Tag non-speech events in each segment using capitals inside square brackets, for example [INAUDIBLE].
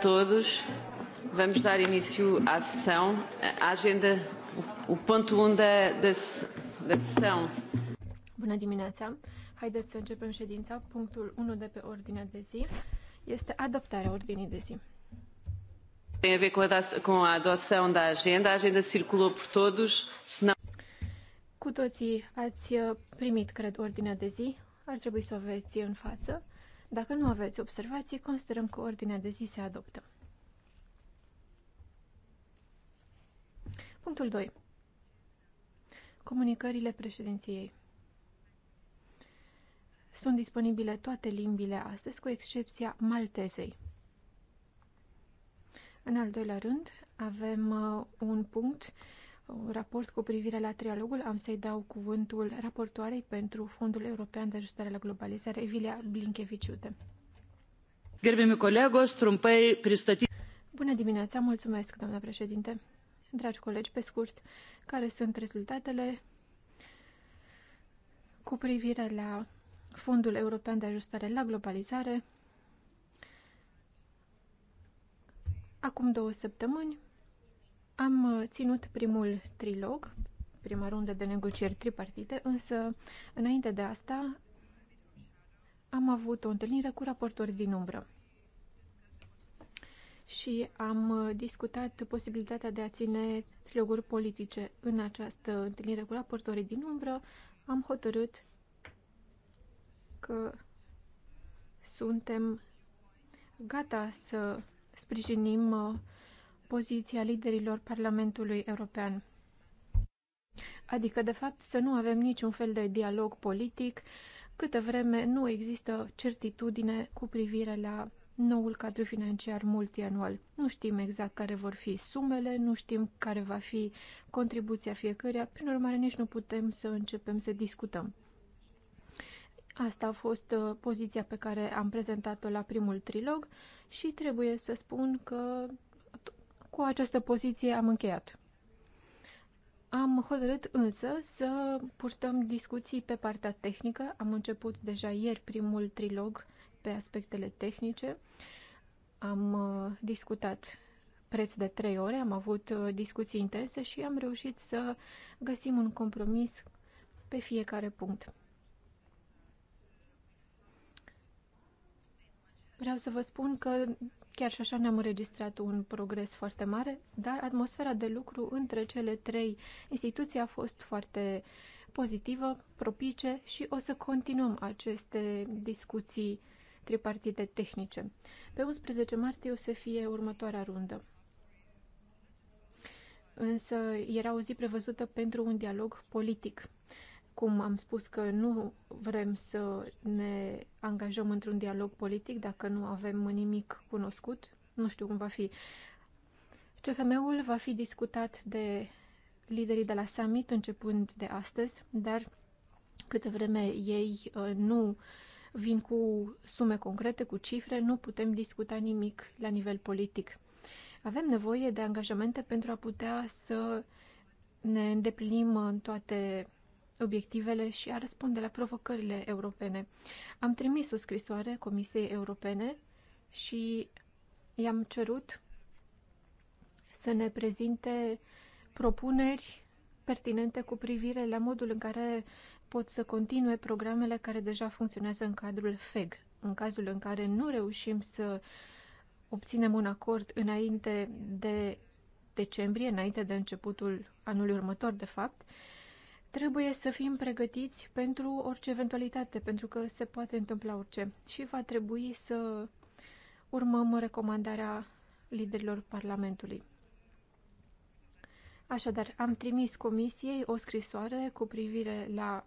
todos. Vamos dar início à sessão. A agenda, o ponto 1 um da, da, da sessão. Bună dimineața! Haideți să începem ședința. Punctul 1 de pe ordinea de zi este adoptarea ordinii de zi. Tem a ver com a, da-, com a adoção da agenda. A agenda circulou por todos. Se não... Cu toții ați primit, cred, ordinea de zi. Ar trebui să o veți în față. Dacă nu aveți observații, considerăm că ordinea de zi se adoptă. Punctul 2. Comunicările președinției. Sunt disponibile toate limbile astăzi, cu excepția maltezei. În al doilea rând, avem uh, un punct uh, raport cu privire la trialogul, am să-i dau cuvântul raportoarei pentru Fondul European de Ajustare la Globalizare, Evilia Blinkeviciute. Gerbiami colegos, strumpei, pristati... Bună dimineața, mulțumesc, doamna președinte. Dragi colegi, pe scurt, care sunt rezultatele cu privire la Fondul European de Ajustare la Globalizare? Acum două săptămâni, am uh, ținut primul trilog, prima rundă de negocieri tripartite, însă înainte de asta am avut o întâlnire cu raportori din umbră și am uh, discutat posibilitatea de a ține triloguri politice în această întâlnire cu raportorii din umbră, am hotărât că suntem gata să sprijinim uh, poziția liderilor Parlamentului European. Adică, de fapt, să nu avem niciun fel de dialog politic câtă vreme nu există certitudine cu privire la noul cadru financiar multianual. Nu știm exact care vor fi sumele, nu știm care va fi contribuția fiecăruia, prin urmare nici nu putem să începem să discutăm. Asta a fost uh, poziția pe care am prezentat-o la primul trilog și trebuie să spun că cu această poziție am încheiat. Am hotărât însă să purtăm discuții pe partea tehnică. Am început deja ieri primul trilog pe aspectele tehnice. Am uh, discutat preț de trei ore, am avut uh, discuții intense și am reușit să găsim un compromis pe fiecare punct. Vreau să vă spun că Chiar și așa ne-am înregistrat un progres foarte mare, dar atmosfera de lucru între cele trei instituții a fost foarte pozitivă, propice și o să continuăm aceste discuții tripartite tehnice. Pe 11 martie o să fie următoarea rundă. Însă era o zi prevăzută pentru un dialog politic. Cum am spus că nu vrem să ne angajăm într-un dialog politic dacă nu avem nimic cunoscut, nu știu cum va fi. CFM-ul va fi discutat de liderii de la summit începând de astăzi, dar câte vreme ei uh, nu vin cu sume concrete, cu cifre, nu putem discuta nimic la nivel politic. Avem nevoie de angajamente pentru a putea să ne îndeplinim toate obiectivele și a răspunde la provocările europene. Am trimis o scrisoare Comisiei Europene și i-am cerut să ne prezinte propuneri pertinente cu privire la modul în care pot să continue programele care deja funcționează în cadrul FEG. În cazul în care nu reușim să obținem un acord înainte de decembrie, înainte de începutul anului următor, de fapt, Trebuie să fim pregătiți pentru orice eventualitate, pentru că se poate întâmpla orice. Și va trebui să urmăm recomandarea liderilor Parlamentului. Așadar, am trimis Comisiei o scrisoare cu privire la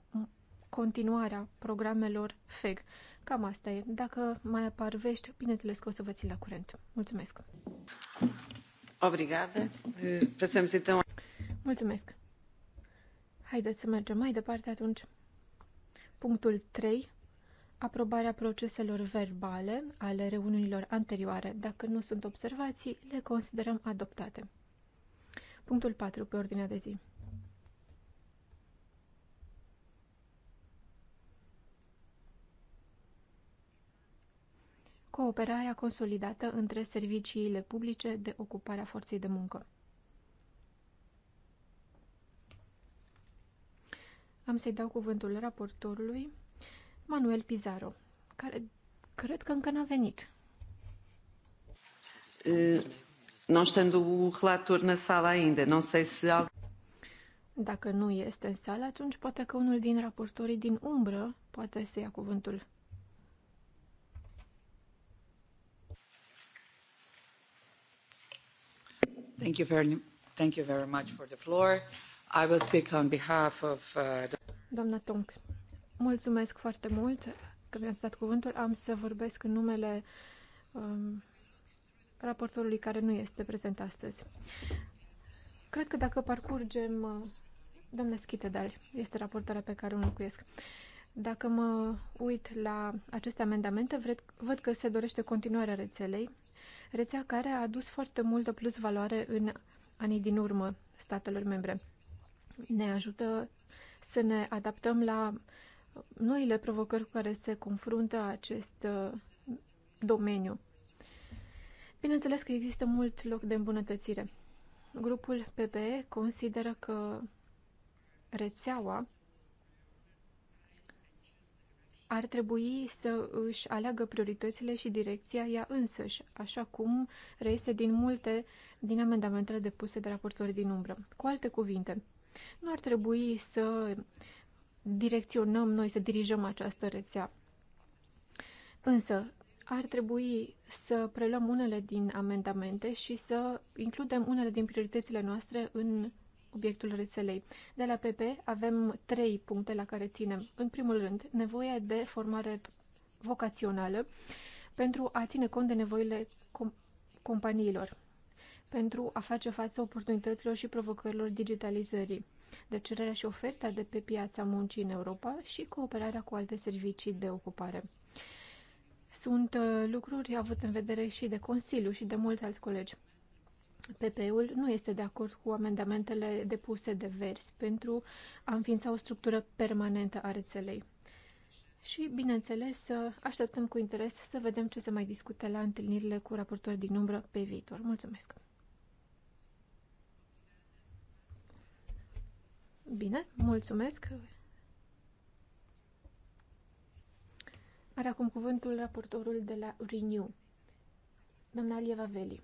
continuarea programelor FEG. Cam asta e. Dacă mai apar vești, bineînțeles că o să vă țin la curent. Mulțumesc! Obrigada! Eh, Mulțumesc! Haideți să mergem mai departe atunci. Punctul 3. Aprobarea proceselor verbale ale reuniunilor anterioare. Dacă nu sunt observații, le considerăm adoptate. Punctul 4 pe ordinea de zi. Cooperarea consolidată între serviciile publice de ocupare a forței de muncă. Am să-i dau cuvântul raportorului, Manuel Pizarro, care cred că încă n-a venit. Dacă nu este în sală, atunci poate că unul din raportorii din umbră poate să ia cuvântul. Thank you very, thank you very much for the floor. I will speak on behalf of... Uh, doamna Tonk, mulțumesc foarte mult că mi-ați dat cuvântul. Am să vorbesc în numele um, raportorului care nu este prezent astăzi. Cred că dacă parcurgem... Uh, doamna Schitedal este raportarea pe care o locuiesc. Dacă mă uit la aceste amendamente, vred, văd că se dorește continuarea rețelei, rețea care a adus foarte multă plus valoare în anii din urmă statelor membre ne ajută să ne adaptăm la noile provocări cu care se confruntă acest uh, domeniu. Bineînțeles că există mult loc de îmbunătățire. Grupul PPE consideră că rețeaua ar trebui să își aleagă prioritățile și direcția ea însăși, așa cum reiese din multe din amendamentele depuse de raportori din umbră. Cu alte cuvinte, nu ar trebui să direcționăm noi, să dirijăm această rețea. Însă, ar trebui să preluăm unele din amendamente și să includem unele din prioritățile noastre în obiectul rețelei. De la PP avem trei puncte la care ținem. În primul rând, nevoia de formare vocațională pentru a ține cont de nevoile com- companiilor pentru a face față oportunităților și provocărilor digitalizării, de cererea și oferta de pe piața muncii în Europa și cooperarea cu alte servicii de ocupare. Sunt uh, lucruri avute în vedere și de Consiliu și de mulți alți colegi. PP-ul nu este de acord cu amendamentele depuse de Vers pentru a înființa o structură permanentă a rețelei. Și, bineînțeles, așteptăm cu interes să vedem ce se mai discute la întâlnirile cu raportori din umbră pe viitor. Mulțumesc! Bine, mulțumesc. Are acum cuvântul raportorul de la Renew, doamna Alieva Veli.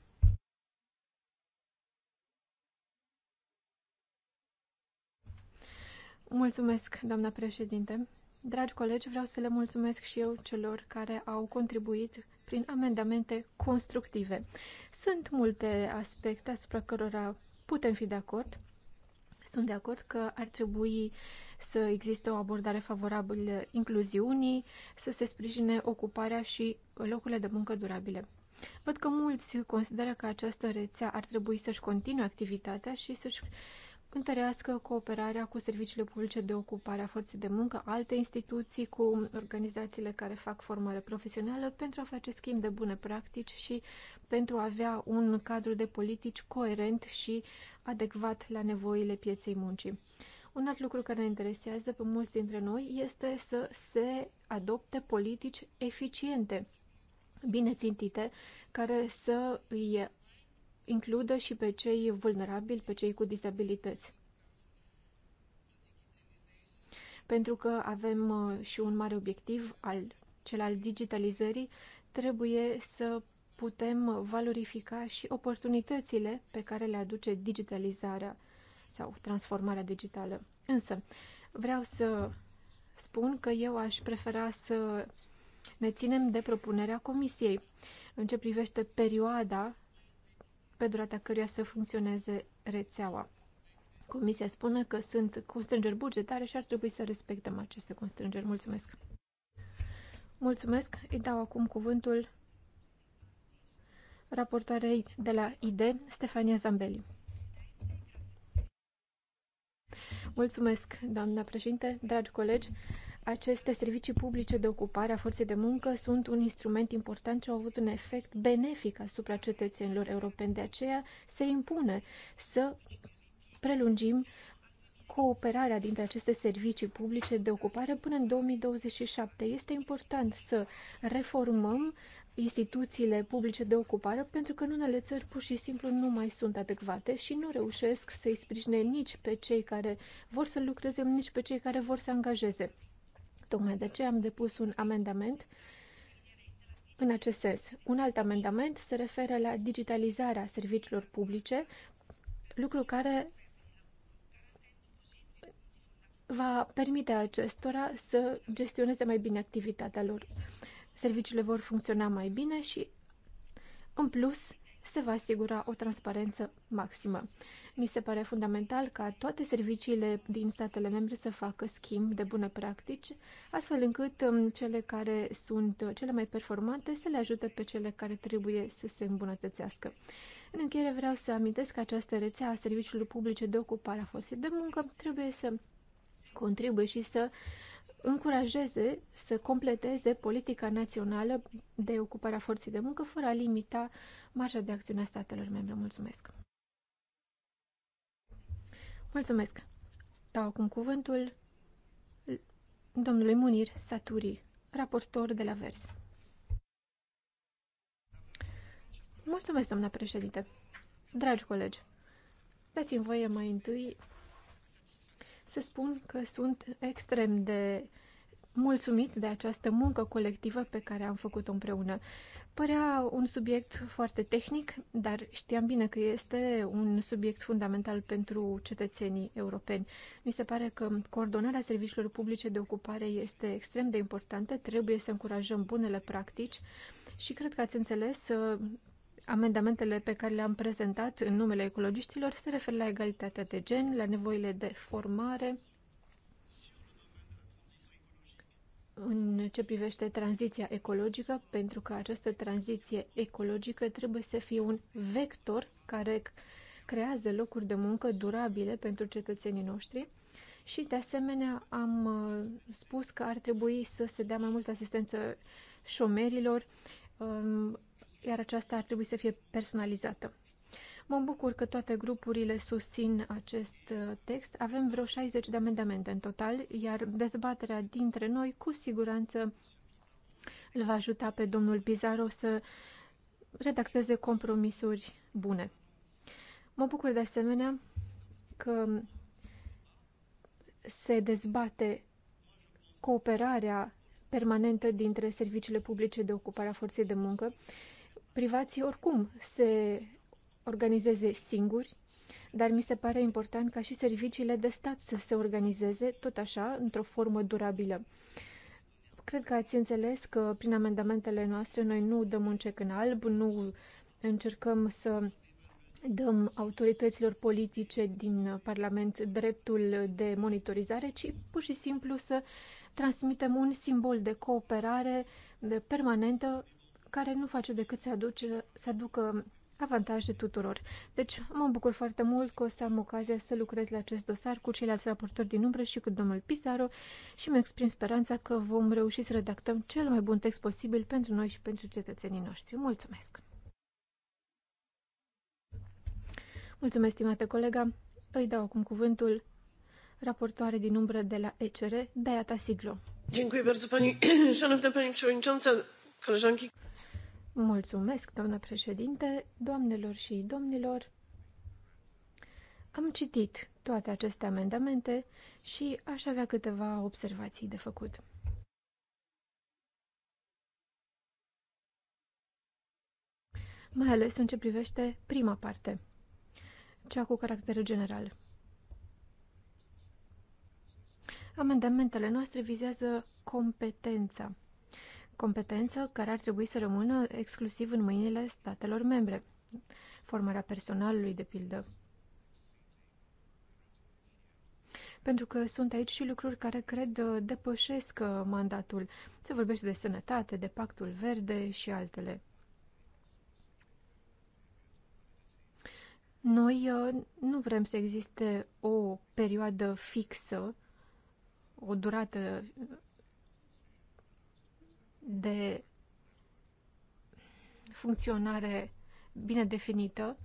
Mulțumesc, doamna președinte. Dragi colegi, vreau să le mulțumesc și eu celor care au contribuit prin amendamente constructive. Sunt multe aspecte asupra cărora putem fi de acord. Sunt de acord că ar trebui să existe o abordare favorabilă incluziunii, să se sprijine ocuparea și locurile de muncă durabile. Văd că mulți consideră că această rețea ar trebui să-și continue activitatea și să-și cântărească cooperarea cu serviciile publice de ocupare a forței de muncă, alte instituții, cu organizațiile care fac formare profesională pentru a face schimb de bune practici și pentru a avea un cadru de politici coerent și adecvat la nevoile pieței muncii. Un alt lucru care ne interesează pe mulți dintre noi este să se adopte politici eficiente, bine țintite, care să îi includă și pe cei vulnerabili, pe cei cu dizabilități. Pentru că avem uh, și un mare obiectiv, al, cel al digitalizării, trebuie să putem valorifica și oportunitățile pe care le aduce digitalizarea sau transformarea digitală. Însă, vreau să spun că eu aș prefera să ne ținem de propunerea Comisiei în ce privește perioada pe durata căruia să funcționeze rețeaua. Comisia spune că sunt constrângeri bugetare și ar trebui să respectăm aceste constrângeri. Mulțumesc! Mulțumesc! Îi dau acum cuvântul raportoarei de la ID, Stefania Zambeli. Mulțumesc, doamna președinte, dragi colegi! Aceste servicii publice de ocupare a forței de muncă sunt un instrument important ce au avut un efect benefic asupra cetățenilor europeni. De aceea se impune să prelungim cooperarea dintre aceste servicii publice de ocupare până în 2027. Este important să reformăm instituțiile publice de ocupare pentru că în unele țări pur și simplu nu mai sunt adecvate și nu reușesc să-i sprijine nici pe cei care vor să lucreze, nici pe cei care vor să angajeze. Tocmai de aceea am depus un amendament în acest sens. Un alt amendament se referă la digitalizarea serviciilor publice, lucru care va permite acestora să gestioneze mai bine activitatea lor. Serviciile vor funcționa mai bine și, în plus, se va asigura o transparență maximă. Mi se pare fundamental ca toate serviciile din statele membre să facă schimb de bune practici, astfel încât um, cele care sunt uh, cele mai performante să le ajute pe cele care trebuie să se îmbunătățească. În încheiere vreau să amintesc că această rețea a serviciilor publice de ocupare a forței de muncă trebuie să contribuie și să uh, încurajeze să completeze politica națională de ocupare a forței de muncă fără a limita marja de acțiune a statelor membre. Mulțumesc! Mulțumesc! Dau acum cuvântul domnului Munir Saturi, raportor de la Vers. Mulțumesc, doamna președinte! Dragi colegi, dați-mi voie mai întâi să spun că sunt extrem de mulțumit de această muncă colectivă pe care am făcut-o împreună. Părea un subiect foarte tehnic, dar știam bine că este un subiect fundamental pentru cetățenii europeni. Mi se pare că coordonarea serviciilor publice de ocupare este extrem de importantă, trebuie să încurajăm bunele practici și cred că ați înțeles Amendamentele pe care le-am prezentat în numele ecologiștilor se referă la egalitatea de gen, la nevoile de formare, în ce privește tranziția ecologică, pentru că această tranziție ecologică trebuie să fie un vector care creează locuri de muncă durabile pentru cetățenii noștri. Și, de asemenea, am uh, spus că ar trebui să se dea mai multă asistență șomerilor, um, iar aceasta ar trebui să fie personalizată. Mă bucur că toate grupurile susțin acest uh, text. Avem vreo 60 de amendamente în total, iar dezbaterea dintre noi cu siguranță îl va ajuta pe domnul Bizaro să redacteze compromisuri bune. Mă bucur de asemenea că se dezbate cooperarea permanentă dintre serviciile publice de ocupare a forței de muncă privații oricum se organizeze singuri, dar mi se pare important ca și serviciile de stat să se organizeze tot așa, într-o formă durabilă. Cred că ați înțeles că prin amendamentele noastre noi nu dăm un cec în alb, nu încercăm să dăm autorităților politice din Parlament dreptul de monitorizare, ci pur și simplu să transmitem un simbol de cooperare de permanentă care nu face decât să, aduce, să aducă avantaje tuturor. Deci mă bucur foarte mult că o să am ocazia să lucrez la acest dosar cu ceilalți raportori din umbră și cu domnul Pizarro și mi-exprim speranța că vom reuși să redactăm cel mai bun text posibil pentru noi și pentru cetățenii noștri. Mulțumesc! Mulțumesc, stimate colega. Îi dau acum cuvântul raportoare din umbră de la ECR, Beata Siglo. Dziękuję bardzo pani, [CLEARS THROAT] szanowna pani przewodnicząca, koleżanki. Mulțumesc, doamnă președinte, doamnelor și domnilor. Am citit toate aceste amendamente și aș avea câteva observații de făcut. Mai ales în ce privește prima parte, cea cu caracter general. Amendamentele noastre vizează competența competență care ar trebui să rămână exclusiv în mâinile statelor membre, formarea personalului, de pildă. Pentru că sunt aici și lucruri care, cred, depășesc uh, mandatul. Se vorbește de sănătate, de pactul verde și altele. Noi uh, nu vrem să existe o perioadă fixă, o durată de funcționare bine definită,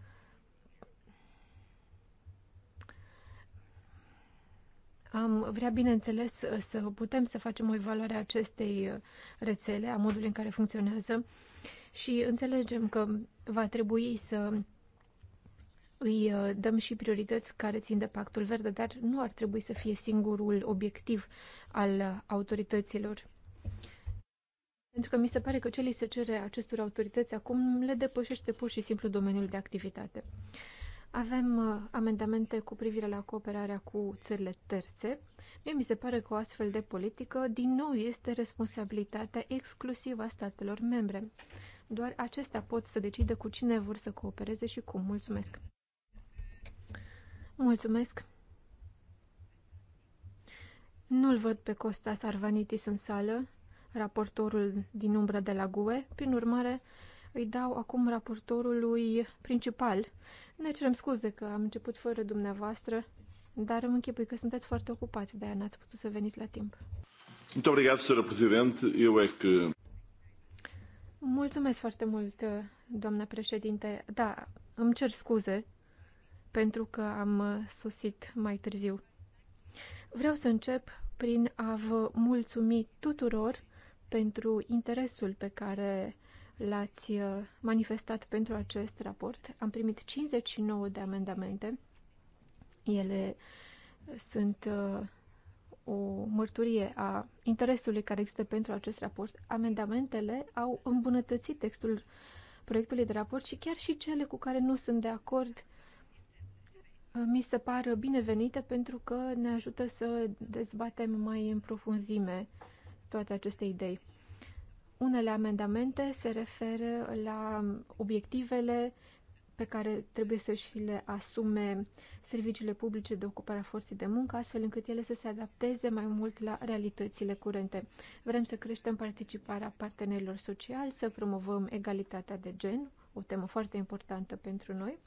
Am vrea, bineînțeles, să putem să facem o evaluare a acestei rețele, a modului în care funcționează și înțelegem că va trebui să îi uh, dăm și priorități care țin de pactul verde, dar nu ar trebui să fie singurul obiectiv al autorităților. Pentru că mi se pare că ce li se cere acestor autorități acum le depășește pur și simplu domeniul de activitate. Avem uh, amendamente cu privire la cooperarea cu țările terțe. Mie mi se pare că o astfel de politică, din nou, este responsabilitatea exclusivă a statelor membre. Doar acestea pot să decide cu cine vor să coopereze și cum. Mulțumesc! Mulțumesc! Nu-l văd pe Costas Arvanitis în sală raportorul din umbră de la GUE. Prin urmare, îi dau acum raportorului principal. Ne cerem scuze că am început fără dumneavoastră, dar îmi închipui că sunteți foarte ocupați, de-aia n-ați putut să veniți la timp. Muito obrigado, Sra. Presidente. Eu é que... Mulțumesc foarte mult, doamna președinte. Da, îmi cer scuze pentru că am sosit mai târziu. Vreau să încep prin a vă mulțumi tuturor pentru interesul pe care l-ați uh, manifestat pentru acest raport. Am primit 59 de amendamente. Ele sunt uh, o mărturie a interesului care există pentru acest raport. Amendamentele au îmbunătățit textul proiectului de raport și chiar și cele cu care nu sunt de acord uh, mi se par binevenite pentru că ne ajută să dezbatem mai în profunzime uh, toate aceste idei. Unele amendamente se referă la obiectivele pe care trebuie să și le asume serviciile publice de ocupare a forței de muncă, astfel încât ele să se adapteze mai mult la realitățile curente. Vrem să creștem participarea partenerilor sociali, să promovăm egalitatea de gen, o temă foarte importantă pentru noi.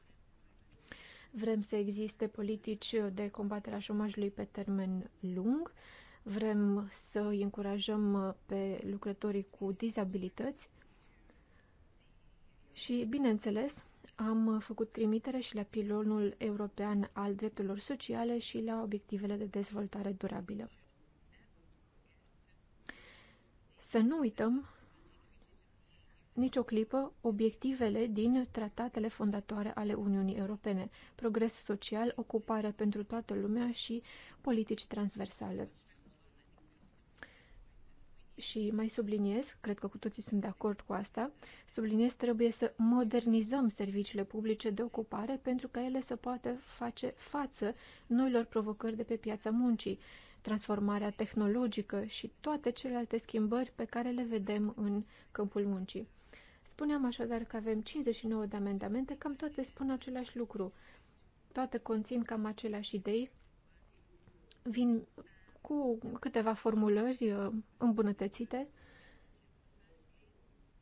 Vrem să existe politici de combatere a șomajului pe termen lung, vrem să îi încurajăm pe lucrătorii cu dizabilități și, bineînțeles, am făcut trimitere și la pilonul european al drepturilor sociale și la obiectivele de dezvoltare durabilă. Să nu uităm nicio clipă obiectivele din tratatele fondatoare ale Uniunii Europene, progres social, ocupare pentru toată lumea și politici transversale și mai subliniez, cred că cu toții sunt de acord cu asta, subliniez trebuie să modernizăm serviciile publice de ocupare pentru ca ele să poată face față noilor provocări de pe piața muncii, transformarea tehnologică și toate celelalte schimbări pe care le vedem în câmpul muncii. Spuneam așadar că avem 59 de amendamente, cam toate spun același lucru. Toate conțin cam aceleași idei, vin cu câteva formulări uh, îmbunătățite.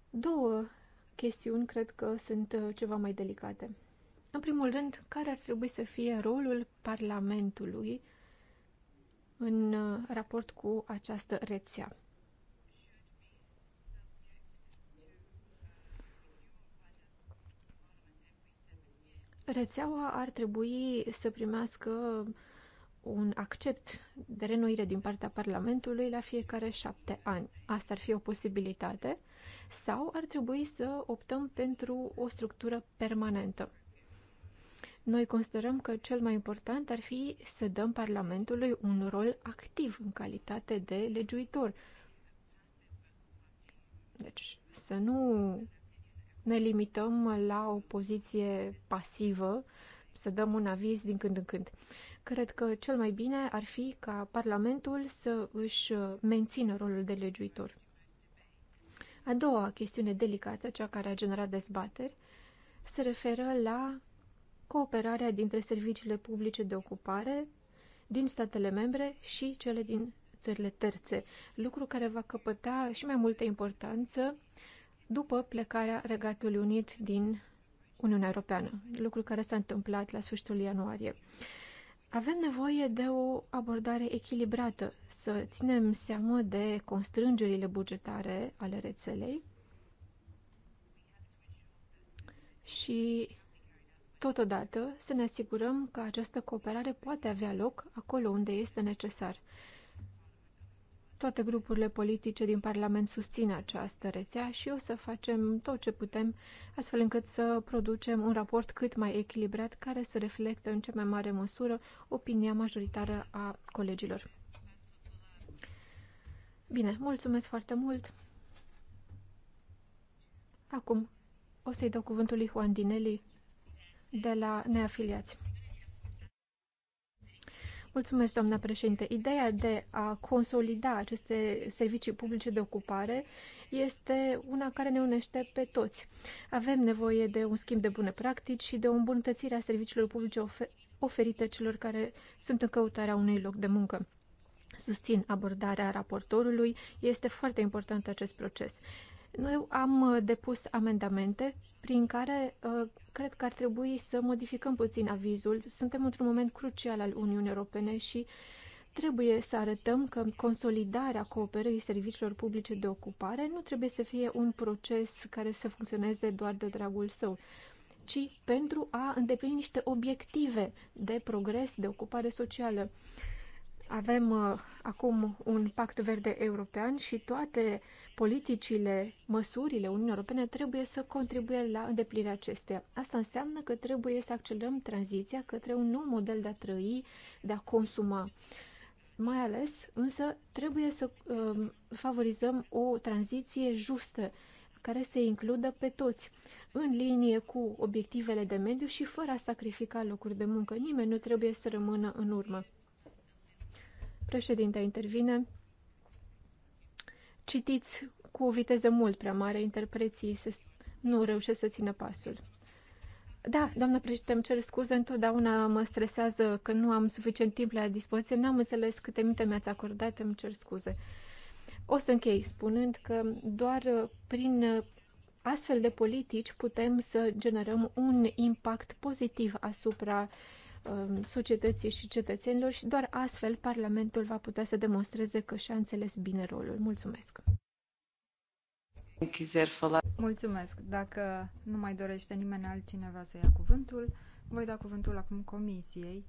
Două chestiuni cred că sunt uh, ceva mai delicate. În primul rând, care ar trebui să fie rolul Parlamentului în uh, raport cu această rețea? Rețeaua ar trebui să primească un accept de renoire din partea Parlamentului la fiecare șapte ani. Asta ar fi o posibilitate. Sau ar trebui să optăm pentru o structură permanentă. Noi considerăm că cel mai important ar fi să dăm Parlamentului un rol activ în calitate de legiuitor. Deci să nu ne limităm la o poziție pasivă, să dăm un aviz din când în când. Cred că cel mai bine ar fi ca Parlamentul să își mențină rolul de legiuitor. A doua chestiune delicată, cea care a generat dezbateri, se referă la cooperarea dintre serviciile publice de ocupare din statele membre și cele din țările terțe, lucru care va căpăta și mai multă importanță după plecarea Regatului Unit din Uniunea Europeană, lucru care s-a întâmplat la sfârșitul ianuarie. Avem nevoie de o abordare echilibrată, să ținem seama de constrângerile bugetare ale rețelei și, totodată, să ne asigurăm că această cooperare poate avea loc acolo unde este necesar. Toate grupurile politice din Parlament susțin această rețea și o să facem tot ce putem astfel încât să producem un raport cât mai echilibrat care să reflecte în cea mai mare măsură opinia majoritară a colegilor. Bine, mulțumesc foarte mult! Acum o să-i dau cuvântul lui Juan Dinelli de la Neafiliați. Mulțumesc, doamna președinte. Ideea de a consolida aceste servicii publice de ocupare este una care ne unește pe toți. Avem nevoie de un schimb de bune practici și de o îmbunătățire a serviciilor publice oferite celor care sunt în căutarea unui loc de muncă. Susțin abordarea raportorului, este foarte important acest proces. Noi am uh, depus amendamente prin care uh, cred că ar trebui să modificăm puțin avizul. Suntem într-un moment crucial al Uniunii Europene și trebuie să arătăm că consolidarea cooperării serviciilor publice de ocupare nu trebuie să fie un proces care să funcționeze doar de dragul său, ci pentru a îndeplini niște obiective de progres, de ocupare socială. Avem uh, acum un pact verde european și toate politicile, măsurile Uniunii Europene trebuie să contribuie la îndeplinirea acesteia. Asta înseamnă că trebuie să accelerăm tranziția către un nou model de a trăi, de a consuma. Mai ales, însă, trebuie să uh, favorizăm o tranziție justă, care să includă pe toți, în linie cu obiectivele de mediu și fără a sacrifica locuri de muncă. Nimeni nu trebuie să rămână în urmă. Președinte intervine. Citiți cu o viteză mult prea mare, interpreții se, nu reușesc să țină pasul. Da, doamnă președinte, îmi cer scuze, întotdeauna mă stresează că nu am suficient timp la dispoziție, n-am înțeles câte minte mi-ați acordat, îmi cer scuze. O să închei spunând că doar uh, prin uh, astfel de politici putem să generăm un impact pozitiv asupra uh, Um, societății și cetățenilor și doar astfel Parlamentul va putea să demonstreze că și-a înțeles bine rolul. Mulțumesc! Mulțumesc! Dacă nu mai dorește nimeni altcineva să ia cuvântul, voi da cuvântul acum Comisiei,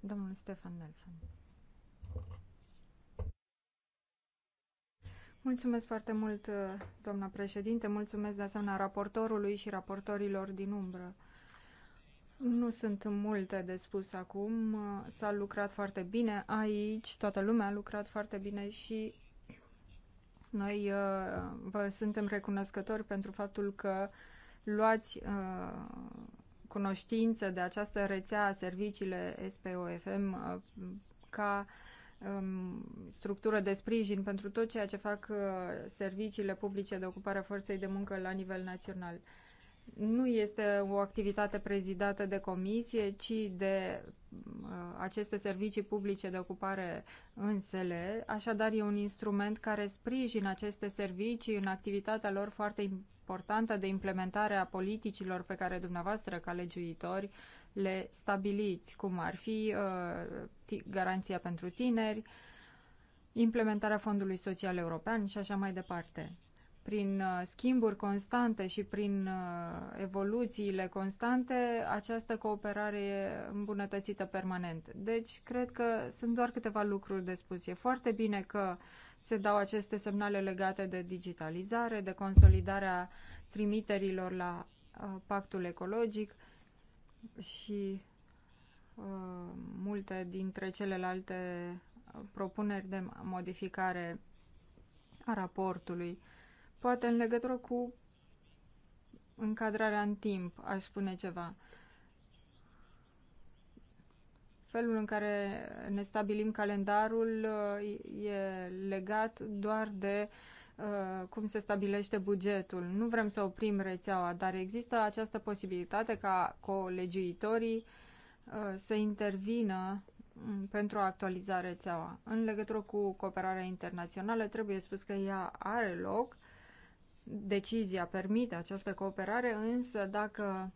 domnul Stefan Nelson. Mulțumesc foarte mult, uh, doamna președinte, mulțumesc de asemenea raportorului și raportorilor din umbră. Nu sunt multe de spus acum. S-a lucrat foarte bine aici, toată lumea a lucrat foarte bine și noi uh, vă suntem recunoscători pentru faptul că luați uh, cunoștință de această rețea a serviciile SPOFM uh, ca um, structură de sprijin pentru tot ceea ce fac serviciile publice de ocupare a forței de muncă la nivel național nu este o activitate prezidată de comisie, ci de uh, aceste servicii publice de ocupare însele. Așadar, e un instrument care sprijină aceste servicii în activitatea lor foarte importantă de implementare a politicilor pe care dumneavoastră, ca legiuitori, le stabiliți, cum ar fi uh, garanția pentru tineri, implementarea Fondului Social European și așa mai departe prin uh, schimburi constante și prin uh, evoluțiile constante, această cooperare e îmbunătățită permanent. Deci, cred că sunt doar câteva lucruri de spus. E foarte bine că se dau aceste semnale legate de digitalizare, de consolidarea trimiterilor la uh, pactul ecologic și uh, multe dintre celelalte propuneri de modificare a raportului Poate în legătură cu încadrarea în timp, aș spune ceva. Felul în care ne stabilim calendarul uh, e legat doar de uh, cum se stabilește bugetul. Nu vrem să oprim rețeaua, dar există această posibilitate ca colegiuitorii uh, să intervină mm, pentru a actualiza rețeaua. În legătură cu cooperarea internațională, trebuie spus că ea are loc decizia permite această cooperare, însă dacă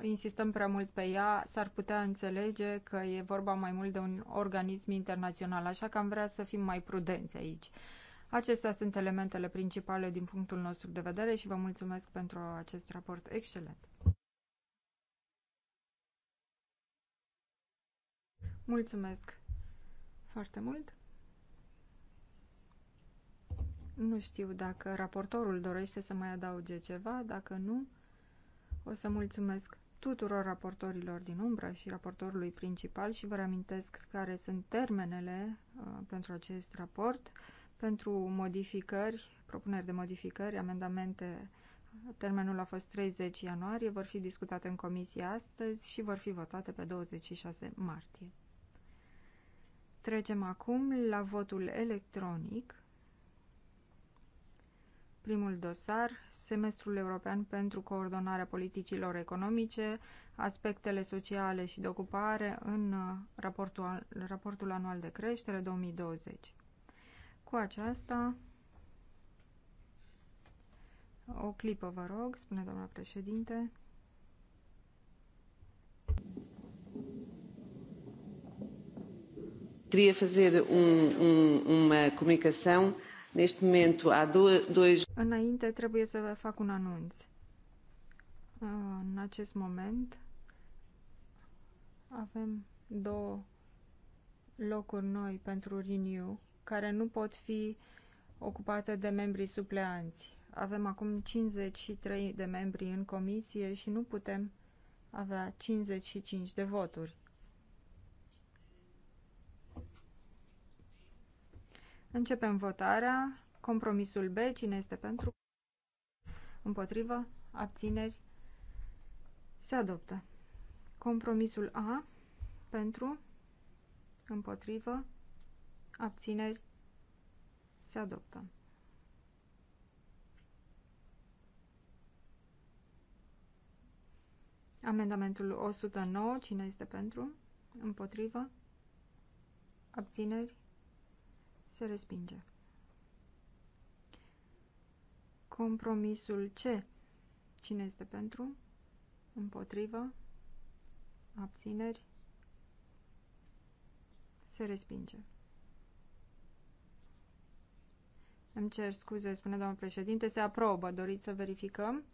insistăm prea mult pe ea, s-ar putea înțelege că e vorba mai mult de un organism internațional, așa că am vrea să fim mai prudenți aici. Acestea sunt elementele principale din punctul nostru de vedere și vă mulțumesc pentru acest raport excelent. Mulțumesc foarte mult! Nu știu dacă raportorul dorește să mai adauge ceva, dacă nu, o să mulțumesc tuturor raportorilor din umbră și raportorului principal și vă reamintesc care sunt termenele uh, pentru acest raport, pentru modificări, propuneri de modificări, amendamente. Termenul a fost 30 ianuarie, vor fi discutate în comisie astăzi și vor fi votate pe 26 martie. Trecem acum la votul electronic. Primul dosar, semestrul european pentru coordonarea politicilor economice, aspectele sociale și de ocupare în uh, raportul, raportul anual de creștere 2020. Cu aceasta, o clipă vă rog, spune doamna președinte. Queria fazer um, um, uma comunicação Neste momento há dois... Înainte trebuie să fac un anunț. Uh, în acest moment avem două locuri noi pentru Renew care nu pot fi ocupate de membrii supleanți. Avem acum 53 de membri în comisie și nu putem avea 55 de voturi. Începem votarea. Compromisul B. Cine este pentru? Împotrivă? Abțineri? Se adoptă. Compromisul A. Pentru? Împotrivă? Abțineri? Se adoptă. Amendamentul 109. Cine este pentru? Împotrivă? Abțineri? se respinge. Compromisul C. Cine este pentru? Împotrivă? Abțineri? Se respinge. Îmi cer scuze, spune domnul președinte, se aprobă. Doriți să verificăm?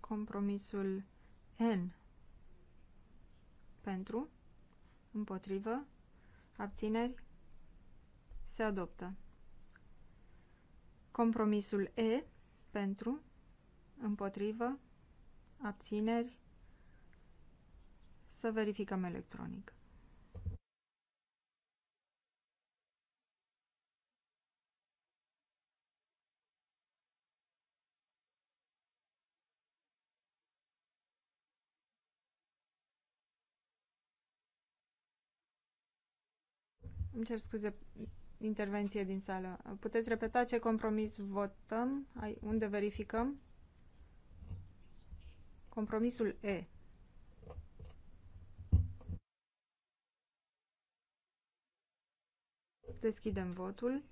Compromisul N pentru, împotrivă, abțineri, se adoptă. Compromisul E pentru, împotrivă, abțineri, să verificăm electronic. Îmi cer scuze, intervenție din sală. Puteți repeta ce compromis votăm? Ai, unde verificăm? Compromisul E. Deschidem votul.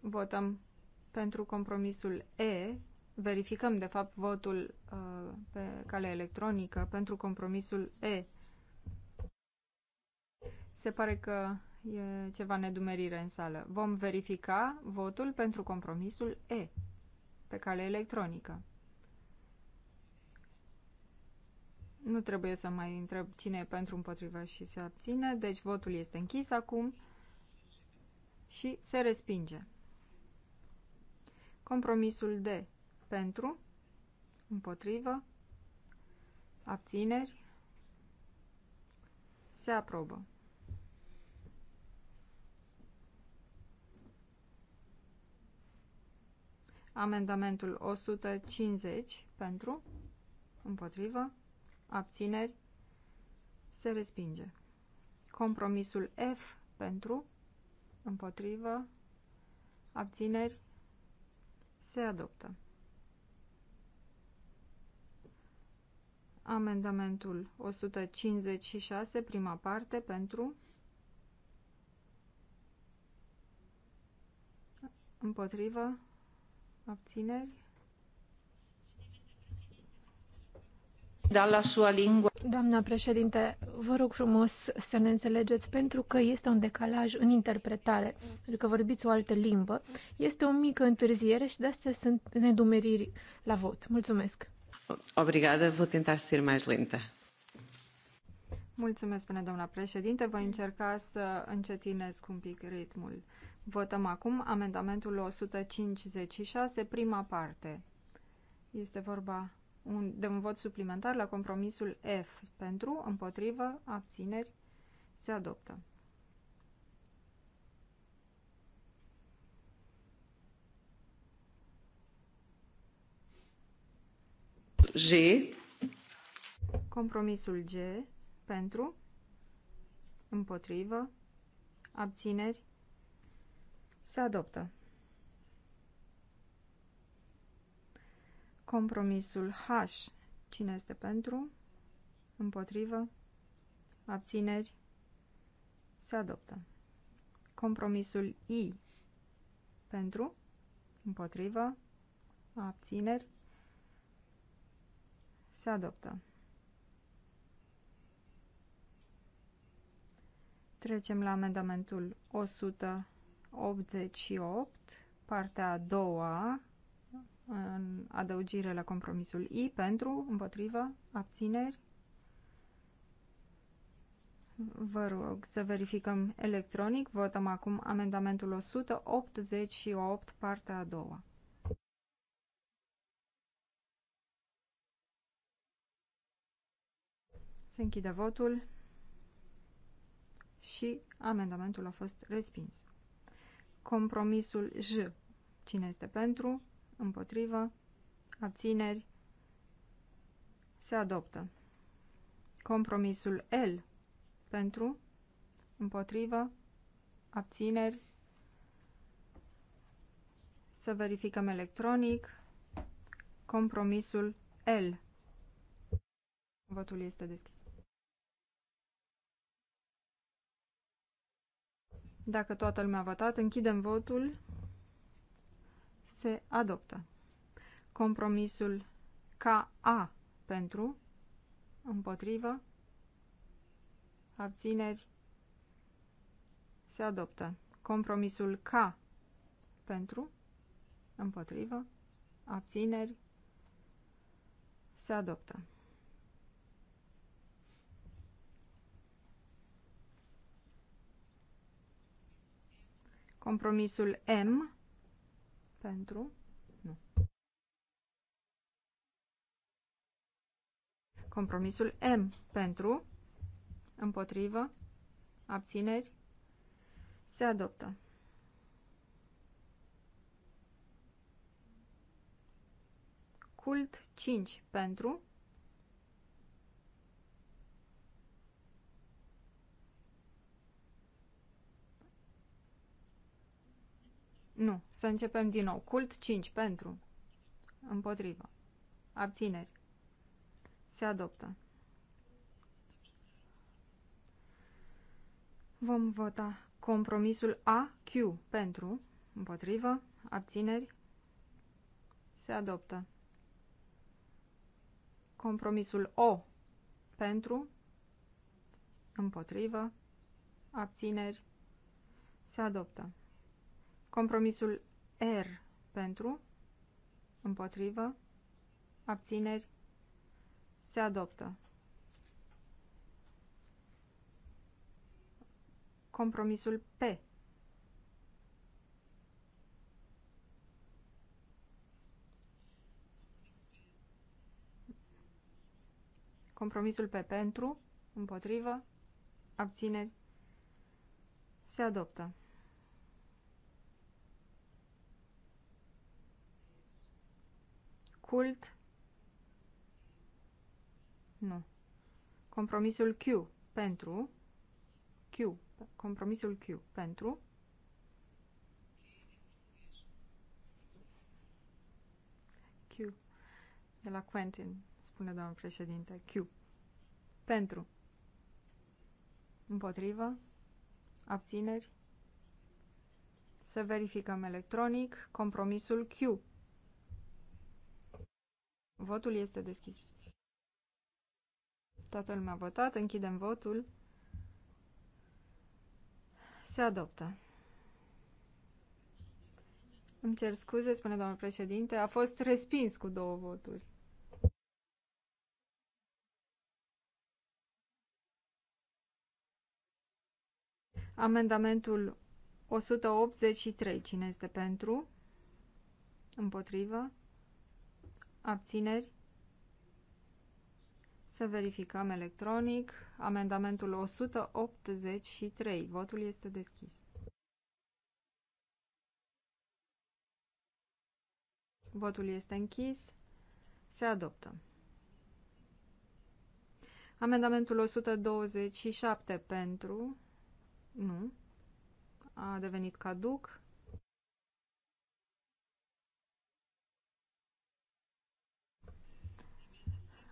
Votăm pentru compromisul E verificăm, de fapt, votul uh, pe cale electronică pentru compromisul E. Se pare că e ceva nedumerire în sală. Vom verifica votul pentru compromisul E pe cale electronică. Nu trebuie să mai întreb cine e pentru împotriva și se abține, deci votul este închis acum și se respinge. Compromisul D pentru, împotrivă, abțineri, se aprobă. Amendamentul 150 pentru, împotrivă, abțineri, se respinge. Compromisul F pentru, împotrivă, abțineri, se adoptă. Amendamentul 156, prima parte, pentru, împotrivă, abțineri. Da, la sua lingua. Doamna președinte, vă rog frumos să ne înțelegeți, pentru că este un decalaj în interpretare, pentru că vorbiți o altă limbă. Este o mică întârziere și de asta sunt nedumeriri la vot. Mulțumesc! Obrigada, vou tentar ser mais lenta. Mulțumesc, spune doamna președinte. Voi încerca să cu un pic ritmul. Votăm acum amendamentul 156, prima parte. Este vorba un, de un vot suplimentar la compromisul F. Pentru, împotrivă, abțineri, se adoptă. G. Compromisul G pentru, împotrivă, abțineri, se adoptă. Compromisul H. Cine este pentru, împotrivă, abțineri, se adoptă. Compromisul I. Pentru, împotrivă, abțineri, se adoptă. Trecem la amendamentul 188, partea a doua, în adăugire la compromisul I, pentru, împotrivă, abțineri. Vă rog să verificăm electronic. Votăm acum amendamentul 188, partea a doua. Se închide votul și amendamentul a fost respins. Compromisul J. Cine este pentru? Împotrivă? Abțineri? Se adoptă. Compromisul L. Pentru? Împotrivă? Abțineri? Să verificăm electronic. Compromisul L. Votul este deschis. Dacă toată lumea a votat, închidem votul. Se adoptă. Compromisul KA pentru, împotrivă, abțineri, se adoptă. Compromisul K pentru, împotrivă, abțineri, se adoptă. Compromisul M pentru. Nu. Compromisul M pentru. Împotrivă. Abțineri. Se adoptă. Cult 5 pentru. Nu, să începem din nou. Cult 5 pentru. Împotrivă. Abțineri. Se adoptă. Vom vota compromisul AQ pentru. Împotrivă. Abțineri. Se adoptă. Compromisul O pentru. Împotrivă. Abțineri. Se adoptă. Compromisul R pentru, împotrivă, abțineri, se adoptă. Compromisul P Compromisul P pentru, împotrivă, abțineri, se adoptă. Cult? Nu. Compromisul Q pentru Q. Compromisul Q pentru Q. De la Quentin, spune domnul președinte. Q. Pentru. Împotrivă. Abțineri. Să verificăm electronic compromisul Q. Votul este deschis. Toată lumea a votat. Închidem votul. Se adoptă. Îmi cer scuze, spune domnul președinte. A fost respins cu două voturi. Amendamentul 183. Cine este pentru? Împotrivă? Abțineri? Să verificăm electronic. Amendamentul 183. Votul este deschis. Votul este închis. Se adoptă. Amendamentul 127 pentru... Nu. A devenit caduc.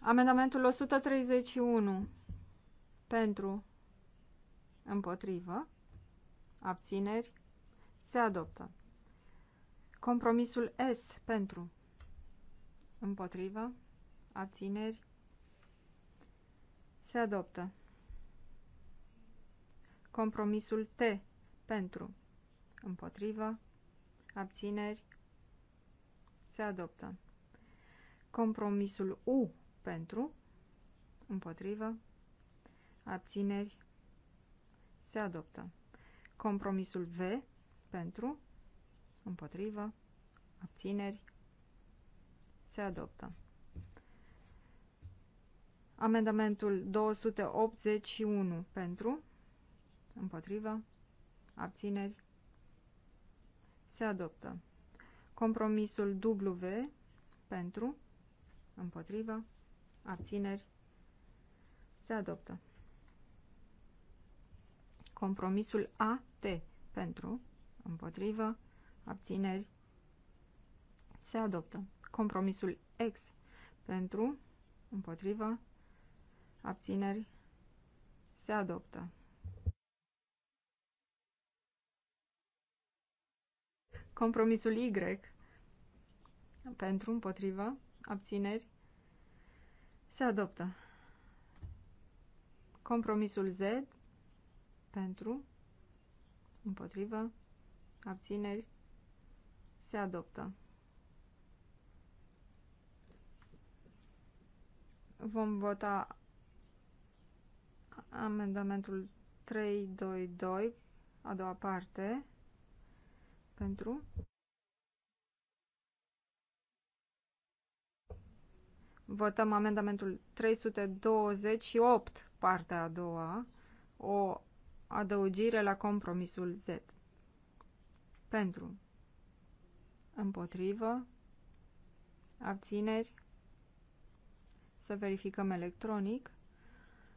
Amendamentul 131 pentru împotrivă abțineri se adoptă. Compromisul S pentru împotrivă abțineri se adoptă. Compromisul T pentru împotrivă abțineri se adoptă. Compromisul U pentru, împotrivă, abțineri, se adoptă. Compromisul V pentru, împotrivă, abțineri, se adoptă. Amendamentul 281 pentru, împotrivă, abțineri, se adoptă. Compromisul W pentru, împotrivă, abțineri, se adoptă. Compromisul AT pentru, împotrivă, abțineri, se adoptă. Compromisul X pentru, împotrivă, abțineri, se adoptă. Compromisul Y pentru, împotrivă, abțineri, se adoptă. Compromisul Z pentru, împotrivă, abțineri, se adoptă. Vom vota amendamentul 322, a doua parte, pentru, Votăm amendamentul 328, partea a doua, o adăugire la compromisul Z. Pentru. Împotrivă. Abțineri. Să verificăm electronic.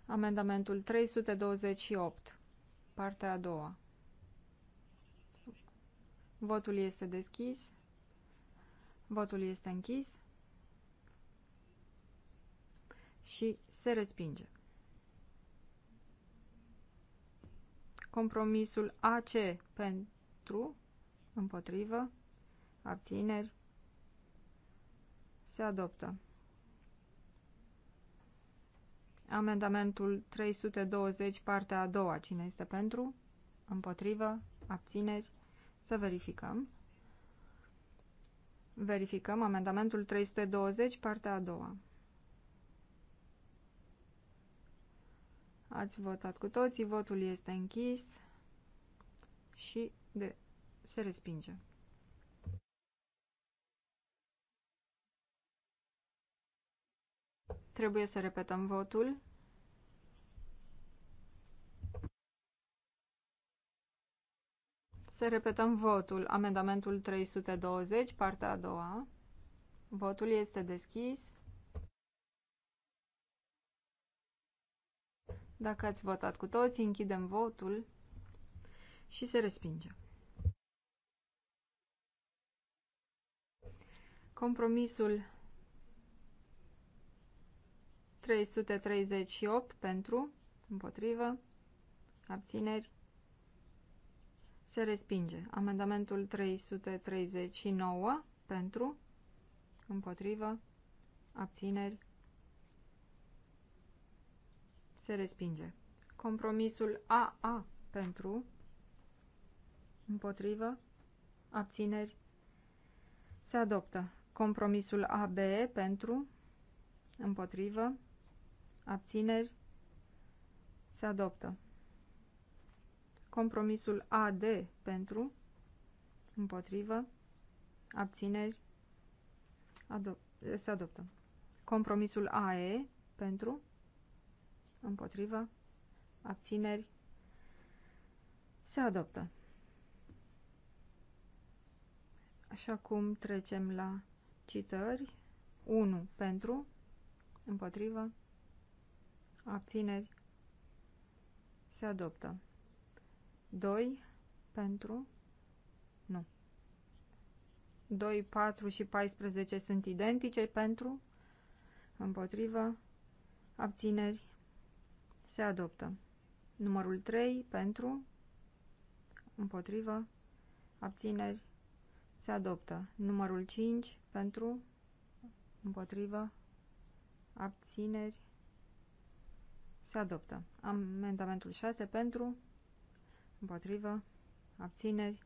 Amendamentul 328, partea a doua. Votul este deschis. Votul este închis și se respinge. Compromisul AC pentru, împotrivă, abțineri, se adoptă. Amendamentul 320, partea a doua. Cine este pentru? Împotrivă? Abțineri? Să verificăm. Verificăm amendamentul 320, partea a doua. Ați votat cu toții, votul este închis și de, se respinge. Trebuie să repetăm votul. Să repetăm votul. Amendamentul 320, partea a doua. Votul este deschis. Dacă ați votat cu toții, închidem votul și se respinge. Compromisul 338 pentru, împotrivă, abțineri, se respinge. Amendamentul 339 pentru, împotrivă, abțineri, se respinge. Compromisul AA pentru, împotrivă, abțineri, se adoptă. Compromisul AB pentru, împotrivă, abțineri, se adoptă. Compromisul AD pentru, împotrivă, abțineri, adop se adoptă. Compromisul AE pentru, împotrivă, abțineri, se adoptă. Așa cum trecem la citări, 1 pentru, împotrivă, abțineri, se adoptă. 2 pentru, nu. 2, 4 și 14 sunt identice pentru, împotrivă, abțineri, se adoptă. Numărul 3 pentru, împotrivă, abțineri, se adoptă. Numărul 5 pentru, împotrivă, abțineri, se adoptă. Amendamentul 6 pentru, împotrivă, abțineri,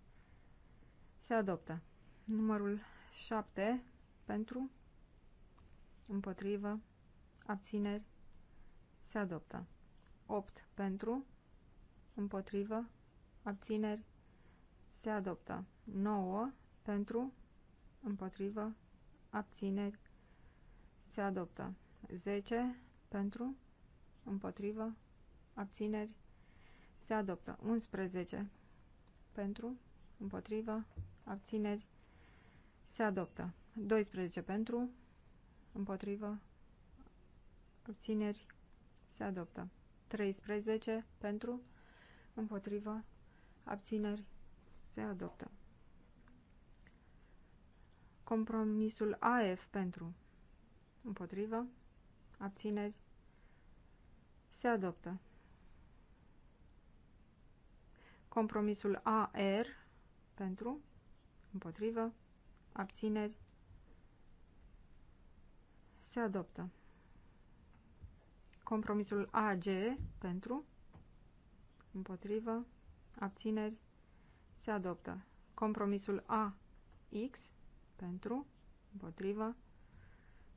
se adoptă. Numărul 7 pentru, împotrivă, abțineri, se adoptă. 8 pentru, împotrivă, abțineri, se adoptă. 9 pentru, împotrivă, abțineri, se adoptă. 10 pentru, împotrivă, abțineri, se adoptă. 11 pentru, împotrivă, abțineri, se adoptă. 12 pentru, împotrivă, abțineri, se adoptă. 13 pentru, împotrivă, abțineri, se adoptă. Compromisul AF pentru, împotrivă, abțineri, se adoptă. Compromisul AR pentru, împotrivă, abțineri, se adoptă. Compromisul AG pentru, împotrivă, abțineri, se adoptă. Compromisul AX pentru, împotrivă,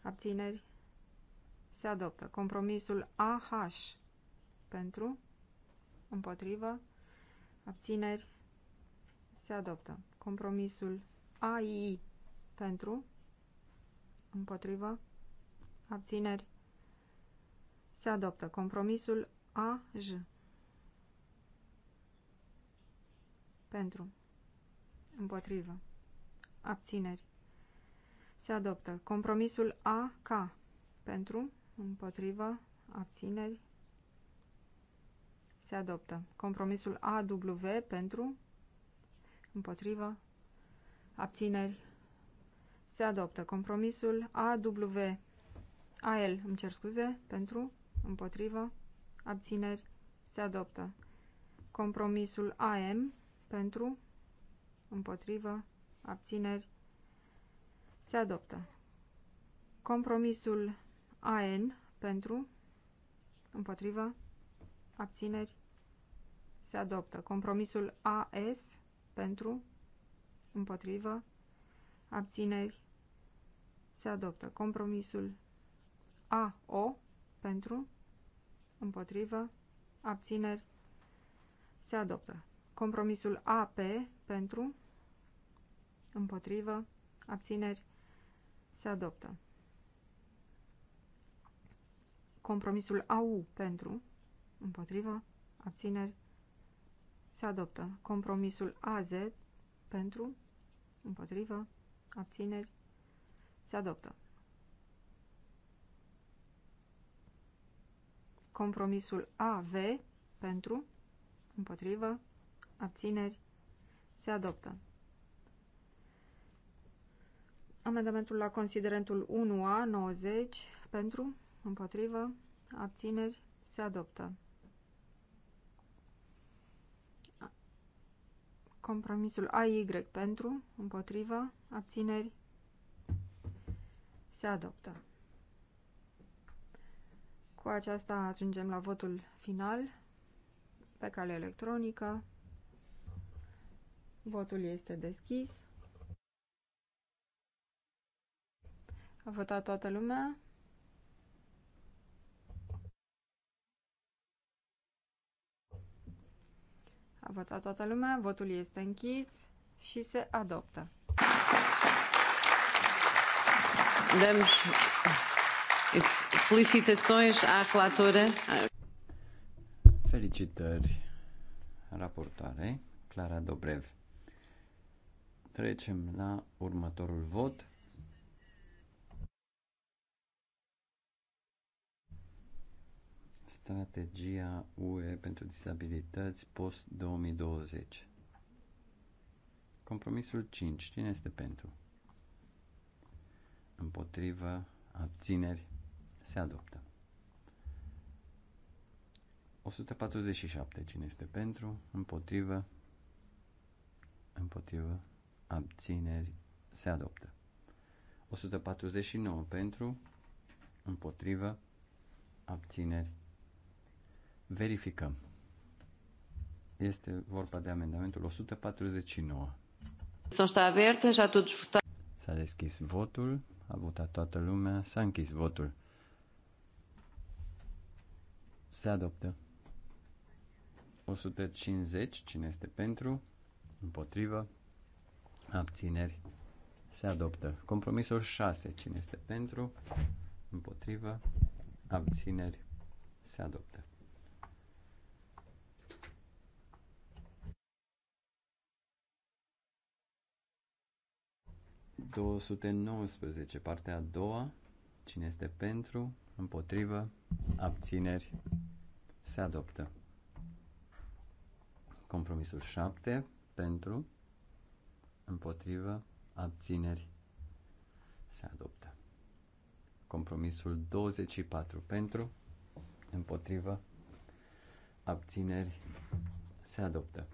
abțineri, se adoptă. Compromisul AH pentru, împotrivă, abțineri, se adoptă. Compromisul AI pentru, împotrivă, abțineri, se adoptă. Compromisul AJ. Pentru. Împotrivă. Abțineri. Se adoptă. Compromisul AK. Pentru. Împotrivă. Abțineri. Se adoptă. Compromisul AW. Pentru. Împotrivă. Abțineri. Se adoptă. Compromisul AW. AL. Îmi cer scuze. Pentru împotrivă, abțineri, se adoptă. Compromisul AM, pentru, împotrivă, abțineri, se adoptă. Compromisul AN, pentru, împotrivă, abțineri, se adoptă. Compromisul AS, pentru, împotrivă, abțineri, se adoptă. Compromisul AO, pentru, împotrivă, abțineri, se adoptă. Compromisul AP pentru, împotrivă, abțineri, se adoptă. Compromisul AU pentru, împotrivă, abțineri, se adoptă. Compromisul AZ pentru, împotrivă, abțineri, se adoptă. Compromisul AV pentru, împotrivă, abțineri, se adoptă. Amendamentul la considerentul 1A, 90, pentru, împotrivă, abțineri, se adoptă. Compromisul AY pentru, împotrivă, abțineri, se adoptă. Cu aceasta ajungem la votul final pe cale electronică. Votul este deschis. A votat toată lumea. A votat toată lumea, votul este închis și se adoptă. Dăm Felicitações à relatora. Felicitări raportare, Clara Dobrev. Trecem la următorul vot. Strategia UE pentru disabilități post-2020. Compromisul 5. Cine este pentru? Împotrivă, abțineri, se adoptă. 147. Cine este pentru? Împotrivă. Împotrivă. Abțineri. Se adoptă. 149. Pentru. Împotrivă. Abțineri. Verificăm. Este vorba de amendamentul 149. Sunt S-a deschis votul, a votat toată lumea, s-a închis votul. Se adoptă. 150. Cine este pentru? Împotrivă. Abțineri. Se adoptă. Compromisul 6. Cine este pentru? Împotrivă. Abțineri. Se adoptă. nouăsprezece, partea a doua, Cine este pentru? Împotrivă? Abțineri? Se adoptă. Compromisul 7. Pentru? Împotrivă? Abțineri? Se adoptă. Compromisul 24. Pentru? Împotrivă? Abțineri? Se adoptă.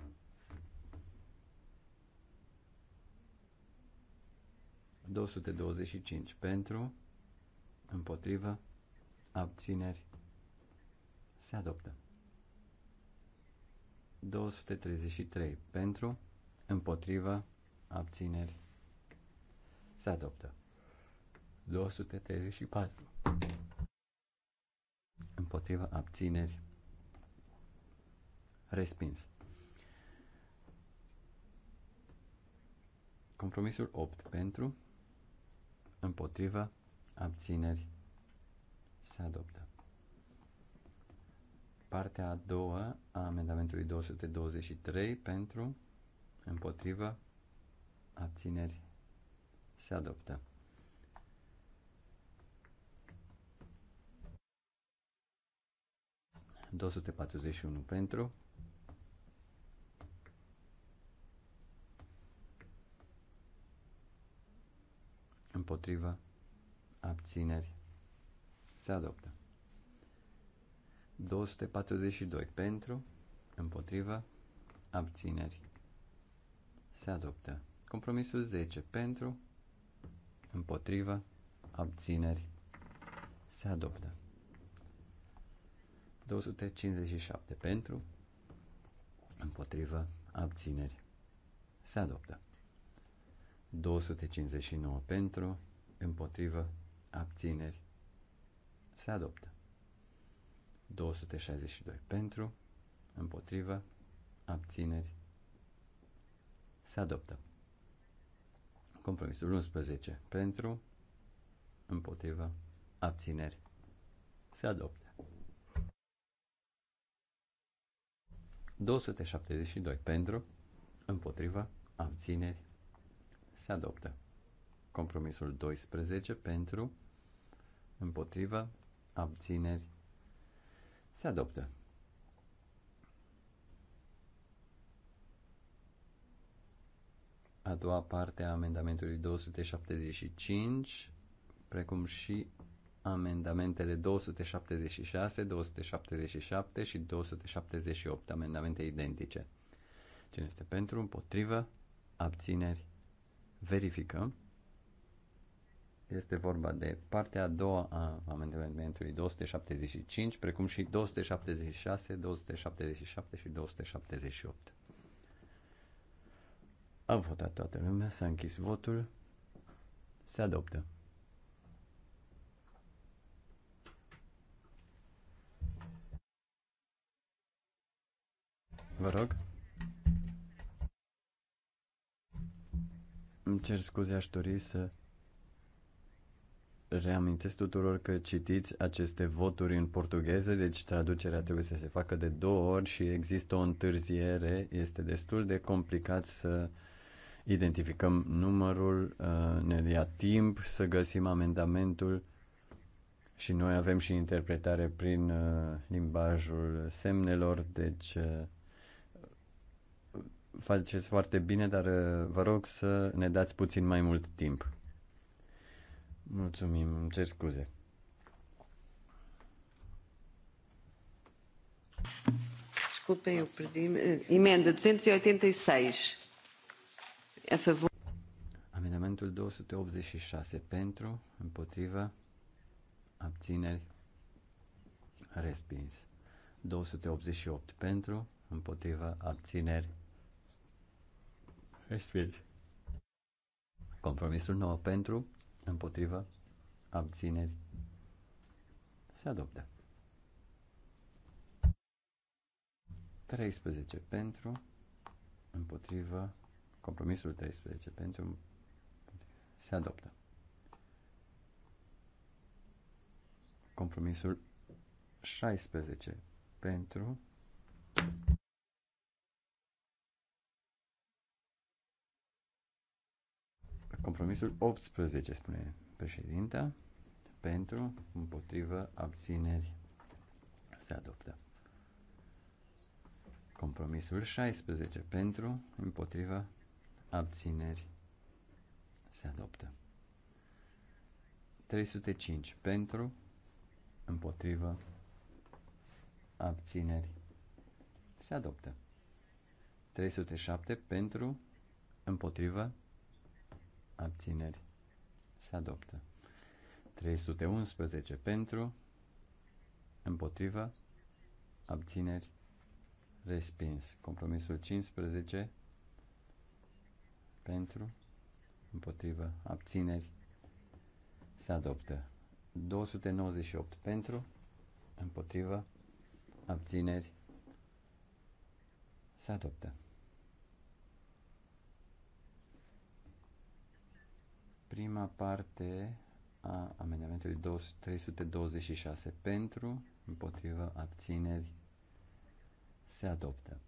225 pentru împotrivă, abțineri, se adoptă. 233 pentru, împotrivă, abțineri, se adoptă. 234 împotrivă, abțineri, respins. Compromisul 8 pentru, împotrivă, abțineri, se adoptă. Partea a doua a amendamentului 223 pentru, împotrivă, abțineri, se adoptă. ...241 pentru, împotriva abțineri, se adoptă. 242 pentru, împotriva, abțineri, se adoptă. Compromisul 10 pentru, împotriva, abțineri, se adoptă. 257 pentru, împotriva, abțineri, se adoptă. 259 pentru, împotrivă, abțineri, se adoptă. 262 pentru, împotrivă, abțineri, se adoptă. Compromisul 11 pentru, împotrivă, abțineri, se adoptă. 272 pentru, împotrivă, abțineri, se adoptă. Compromisul 12 pentru, împotrivă, abțineri, se adoptă. A doua parte a amendamentului 275, precum și amendamentele 276, 277 și 278, amendamente identice. Cine este pentru, împotrivă, abțineri, verificăm. Este vorba de partea a doua a amendamentului 275, precum și 276, 277 și 278. A votat toată lumea, s-a închis votul, se adoptă. Vă rog. Îmi cer scuze, aș dori să reamintesc tuturor că citiți aceste voturi în portugheză, deci traducerea trebuie să se facă de două ori și există o întârziere. Este destul de complicat să identificăm numărul, uh, ne ia timp să găsim amendamentul și noi avem și interpretare prin uh, limbajul semnelor, deci uh, faceți foarte bine, dar vă rog să ne dați puțin mai mult timp. Mulțumim, îmi cer scuze. Desculpem, eu perdi. Emenda 286. A favor. Amendamentul 286 pentru, împotriva, abțineri, respins. 288 pentru, împotriva, abțineri, respins. Compromisul 9 pentru, împotrivă, abțineri, se adoptă. 13 pentru, împotrivă, compromisul 13 pentru, se adoptă. Compromisul 16 pentru, Compromisul 18, spune președinta, pentru, împotrivă, abțineri, se adoptă. Compromisul 16, pentru, împotrivă, abțineri, se adoptă. 305, pentru, împotrivă, abțineri, se adoptă. 307, pentru, împotrivă, abțineri, abțineri, se adoptă. 311 pentru, împotrivă, abțineri, respins. Compromisul 15 pentru, împotrivă, abțineri, se adoptă. 298 pentru, împotrivă, abțineri, se adoptă. Prima parte a amendamentului 326 pentru, împotrivă, abțineri, se adoptă.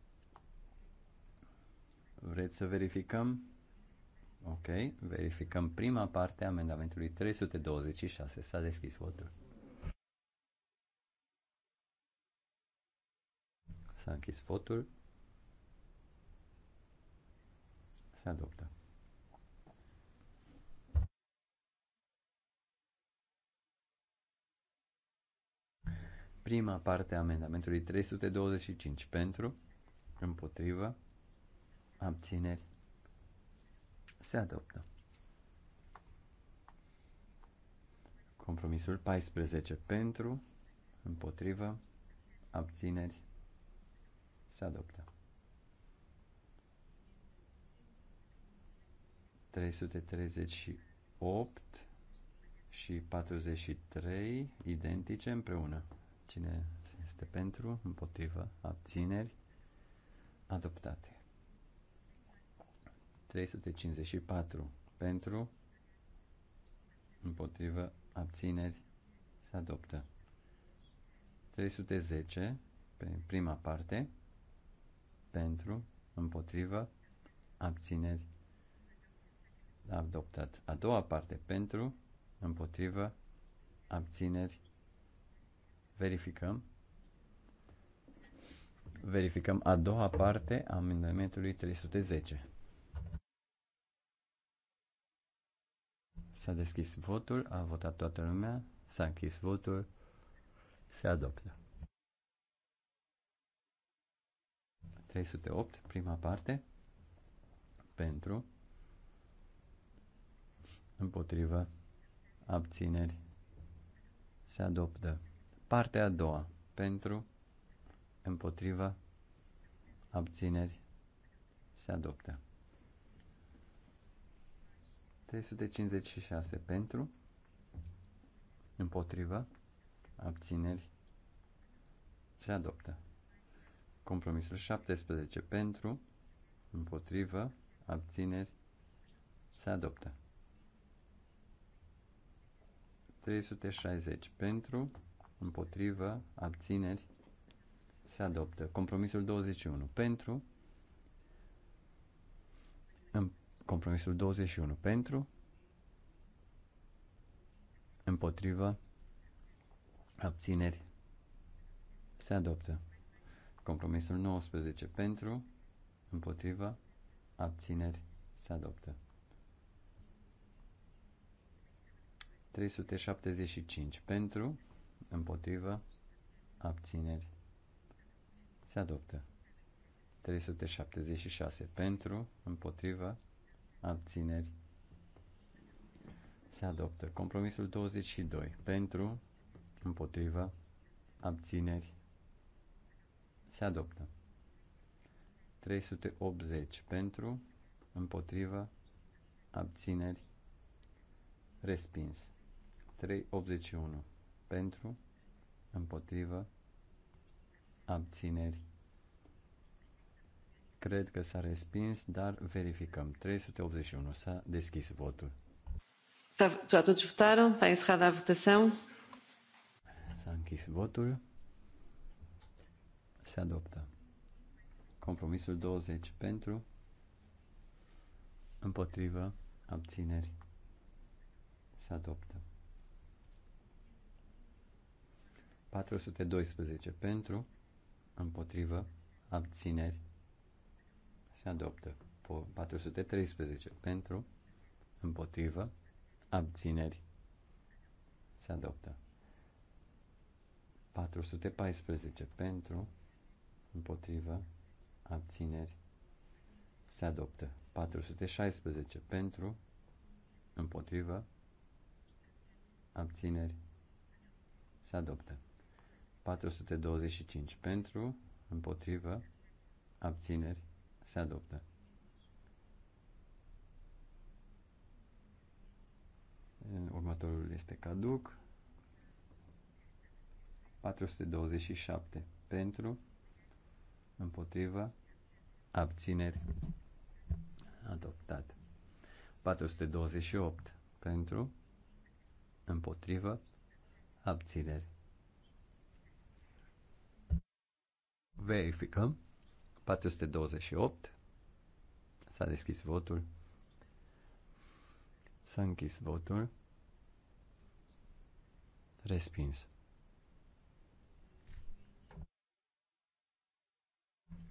Vreți să verificăm? Ok, verificăm prima parte a amendamentului 326. S-a deschis votul. S-a închis votul. Se adoptă. Prima parte a amendamentului 325 pentru, împotrivă, abțineri, se adoptă. Compromisul 14 pentru, împotrivă, abțineri, se adoptă. 338 și 43 identice împreună. Cine este pentru, împotrivă, abțineri, adoptate. 354 pentru, împotrivă, abțineri, se adoptă. 310, pe prima parte, pentru, împotrivă, abțineri, adoptat. A doua parte, pentru, împotrivă, abțineri, Verificăm. Verificăm a doua parte a amendamentului 310. S-a deschis votul, a votat toată lumea, s-a închis votul, se adoptă. 308, prima parte, pentru, împotrivă, abțineri, se adoptă. Partea a doua. Pentru, împotriva, abțineri, se adoptă. 356 pentru, împotriva, abțineri, se adoptă. Compromisul 17 pentru, împotriva abțineri, se adoptă. 360 pentru, împotrivă, abțineri, se adoptă. Compromisul 21 pentru, în, compromisul 21 pentru, împotrivă, abțineri, se adoptă. Compromisul 19 pentru, împotrivă, abțineri, se adoptă. 375 pentru, împotrivă, abțineri, se adoptă. 376 pentru, împotrivă, abțineri, se adoptă. Compromisul 22 pentru, împotrivă, abțineri, se adoptă. 380 pentru, împotrivă, abțineri, respins. 381 pentru, împotrivă, abțineri. Cred că s-a respins, dar verificăm. 381 s-a deschis votul. Já todos votaram? Está encerrada a S-a închis votul. Se adoptă. Compromisul 20 pentru, împotrivă, abțineri. Se adoptă. 412 pentru, împotrivă, abțineri, se adoptă. 413 pentru, împotrivă, abțineri, se adoptă. 414 pentru, împotrivă, abțineri, se adoptă. 416 pentru, împotrivă, abțineri, se adoptă. 425 pentru, împotrivă, abțineri, se adoptă. Următorul este caduc. 427 pentru, împotrivă, abțineri, adoptat. 428 pentru, împotrivă, abțineri, Verificăm. 428. S-a deschis votul. S-a închis votul. Respins.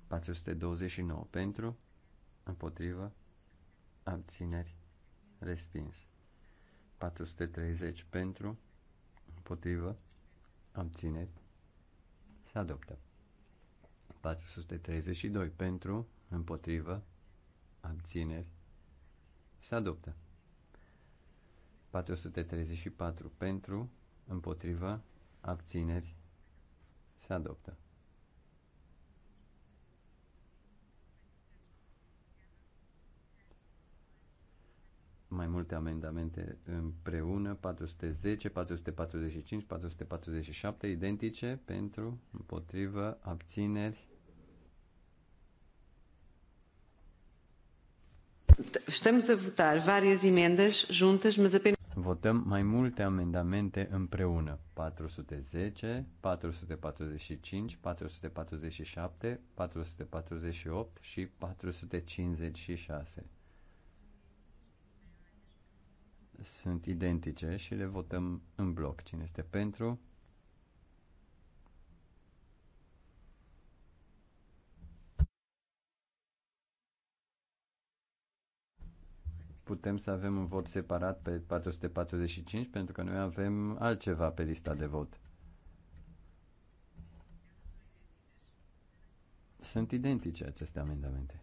429 pentru, împotrivă, abțineri, respins. 430 pentru, împotrivă, abțineri, se adoptă. 432 pentru, împotrivă, abțineri, se adoptă. 434 pentru, împotrivă, abțineri, se adoptă. mai multe amendamente împreună, 410, 445, 447, identice pentru, împotrivă, abțineri, Estamos a votar várias emendas juntas, mas apenas Votăm mai multe amendamente împreună. 410, 445, 447, 448 și 456. Sunt identice și le votăm în bloc. Cine este pentru? putem să avem un vot separat pe 445 pentru că noi avem altceva pe lista de vot. Sunt identice aceste amendamente.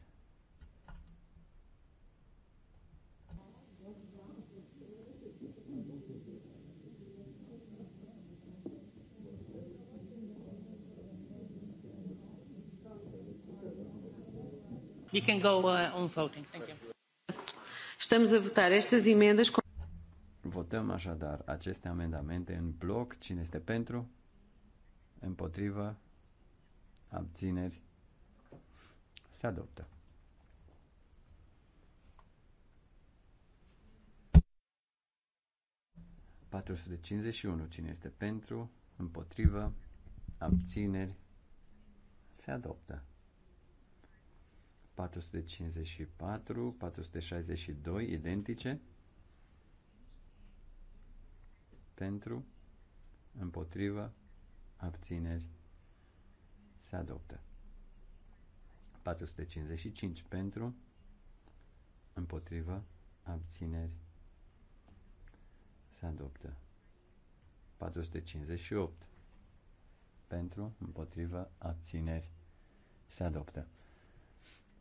You can go uh, on voting. Thank you. Estamos a votar estas emendas. Votăm așadar aceste amendamente în bloc. Cine este pentru? Împotrivă? Abțineri? Se adoptă. Patru Cine este pentru, împotrivă, abțineri, se adoptă. 454, 462, identice, pentru, împotrivă, abțineri, se adoptă. 455 pentru, împotrivă, abțineri, se adoptă. 458 pentru, împotrivă, abțineri, se adoptă.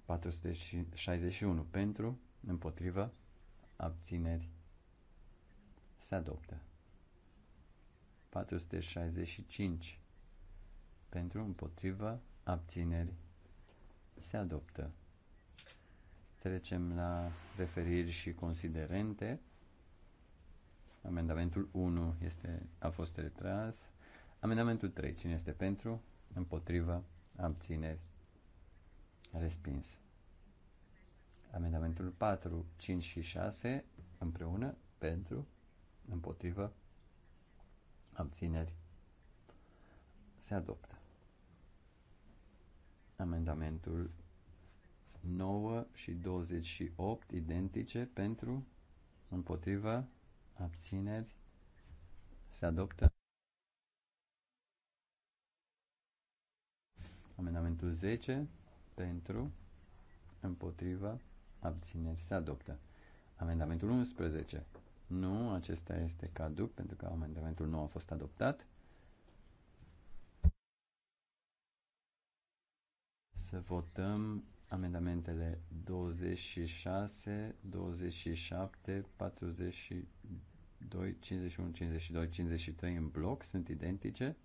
461 pentru, împotrivă, abțineri, se adoptă. 465 pentru, împotrivă, abțineri, se adoptă. Trecem la referiri și considerente. Amendamentul 1 este, a fost retras. Amendamentul 3. Cine este pentru? Împotrivă? Abțineri? Respins. Amendamentul 4, 5 și 6 împreună pentru, împotrivă, abțineri. Se adoptă. Amendamentul 9 și 28 identice pentru, împotrivă, abțineri. Se adoptă. Amendamentul 10 pentru, împotriva, abțineri se adoptă. Amendamentul 11. Nu, acesta este caduc pentru că amendamentul nu a fost adoptat. Să votăm amendamentele 26, 27, 42, 51, 52, 53 în bloc sunt identice,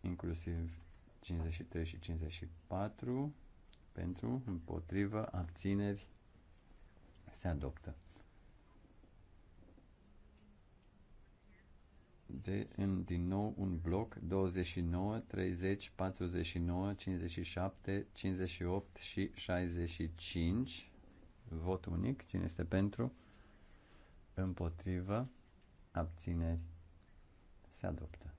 inclusiv 53 și 54 pentru, împotrivă, abțineri se adoptă. de, în, din nou un bloc 29, 30, 49, 57, 58 și 65. Vot unic. Cine este pentru? Împotrivă. Abțineri. Se adoptă.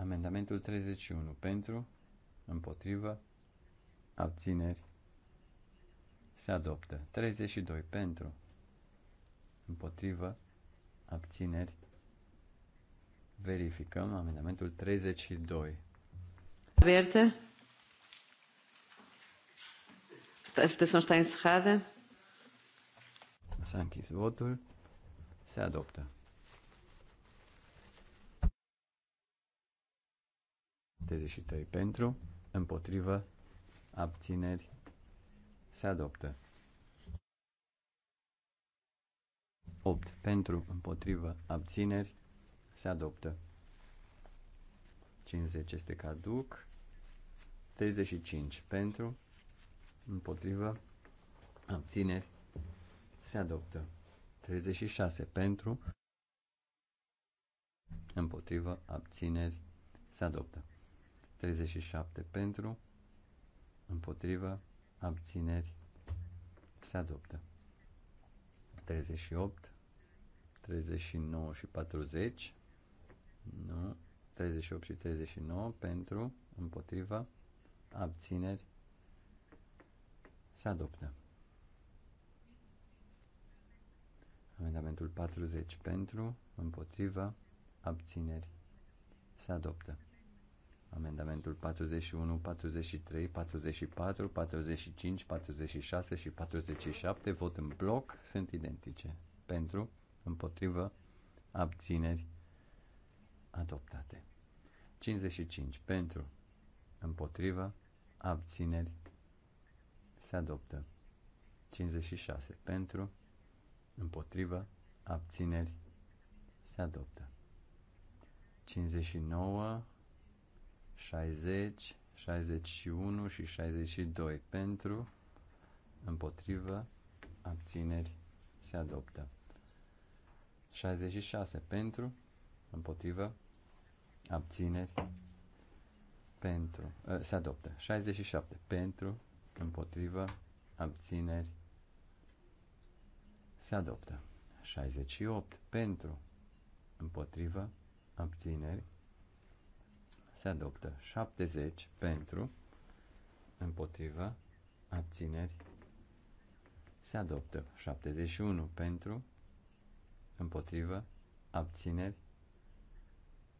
Amendamentul 31 pentru, împotrivă, abțineri, se adoptă. 32 pentru, împotrivă, abțineri, verificăm amendamentul 32. Verte. A este está S-a închis votul. Se adoptă. 73 pentru, împotrivă, abțineri, se adoptă. 8 pentru, împotrivă, abțineri, se adoptă. 50 este caduc. 35 pentru, împotrivă, abțineri, se adoptă. 36 pentru, împotrivă, abțineri, se adoptă. 37 pentru, împotrivă, abțineri, se adoptă. 38, 39 și 40, nu, 38 și 39 pentru, împotriva, abțineri, se adoptă. Amendamentul 40 pentru, împotriva, abțineri, se adoptă. Amendamentul 41, 43, 44, 45, 46 și 47, vot în bloc, sunt identice. Pentru, împotrivă, abțineri adoptate. 55. Pentru, împotrivă, abțineri se adoptă. 56. Pentru, împotrivă, abțineri se adoptă. 59 60, 61 și 62 pentru, împotrivă, abțineri, se adoptă. 66 pentru, împotrivă, abțineri, pentru, ă, se adoptă. 67 pentru, împotrivă, abțineri, se adoptă. 68 pentru, împotrivă, abțineri, se adoptă. 70 pentru, împotrivă, abțineri, se adoptă. 71 pentru, împotrivă, abțineri,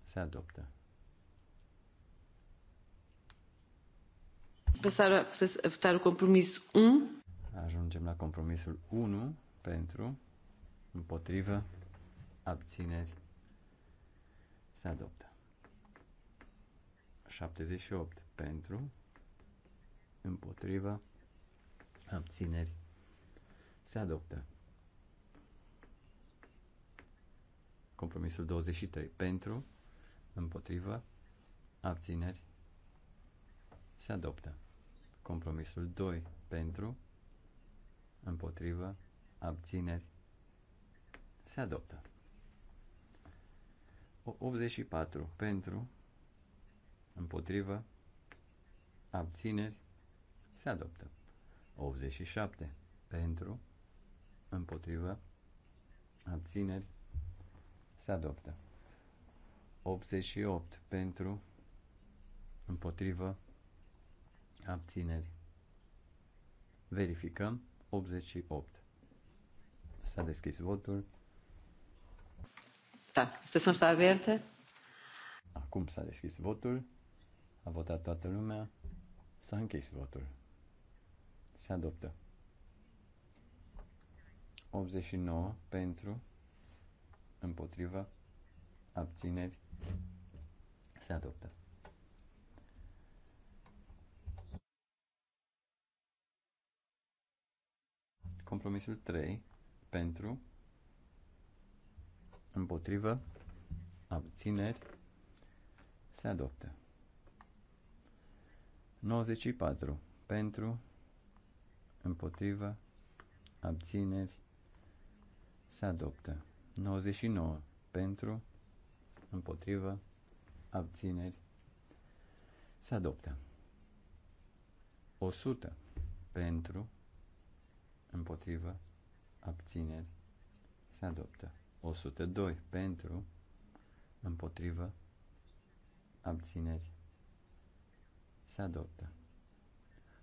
se adoptă. Pasar a compromis 1. Ajungem la compromisul 1 pentru, împotrivă, abțineri, se adoptă. 78 pentru, împotriva, abțineri, se adoptă. Compromisul 23 pentru, împotriva, abțineri, se adoptă. Compromisul 2 pentru, împotriva, abțineri, se adoptă. 84 pentru, împotrivă, abțineri, se adoptă. 87 pentru, împotrivă, abțineri, se adoptă. 88 pentru, împotrivă, abțineri. Verificăm 88. S-a deschis votul. Da, se sunt aberte. Acum s-a deschis votul. A votat toată lumea. S-a închis votul. Se adoptă. 89 pentru, împotriva, abțineri, se adoptă. Compromisul 3 pentru, împotrivă, abțineri, se adoptă. 94 pentru, împotrivă, abțineri, se adoptă. 99 pentru, împotrivă, abțineri, se adoptă. 100 pentru, împotrivă, abțineri, se adoptă. 102 pentru, împotrivă, abțineri, se adoptă.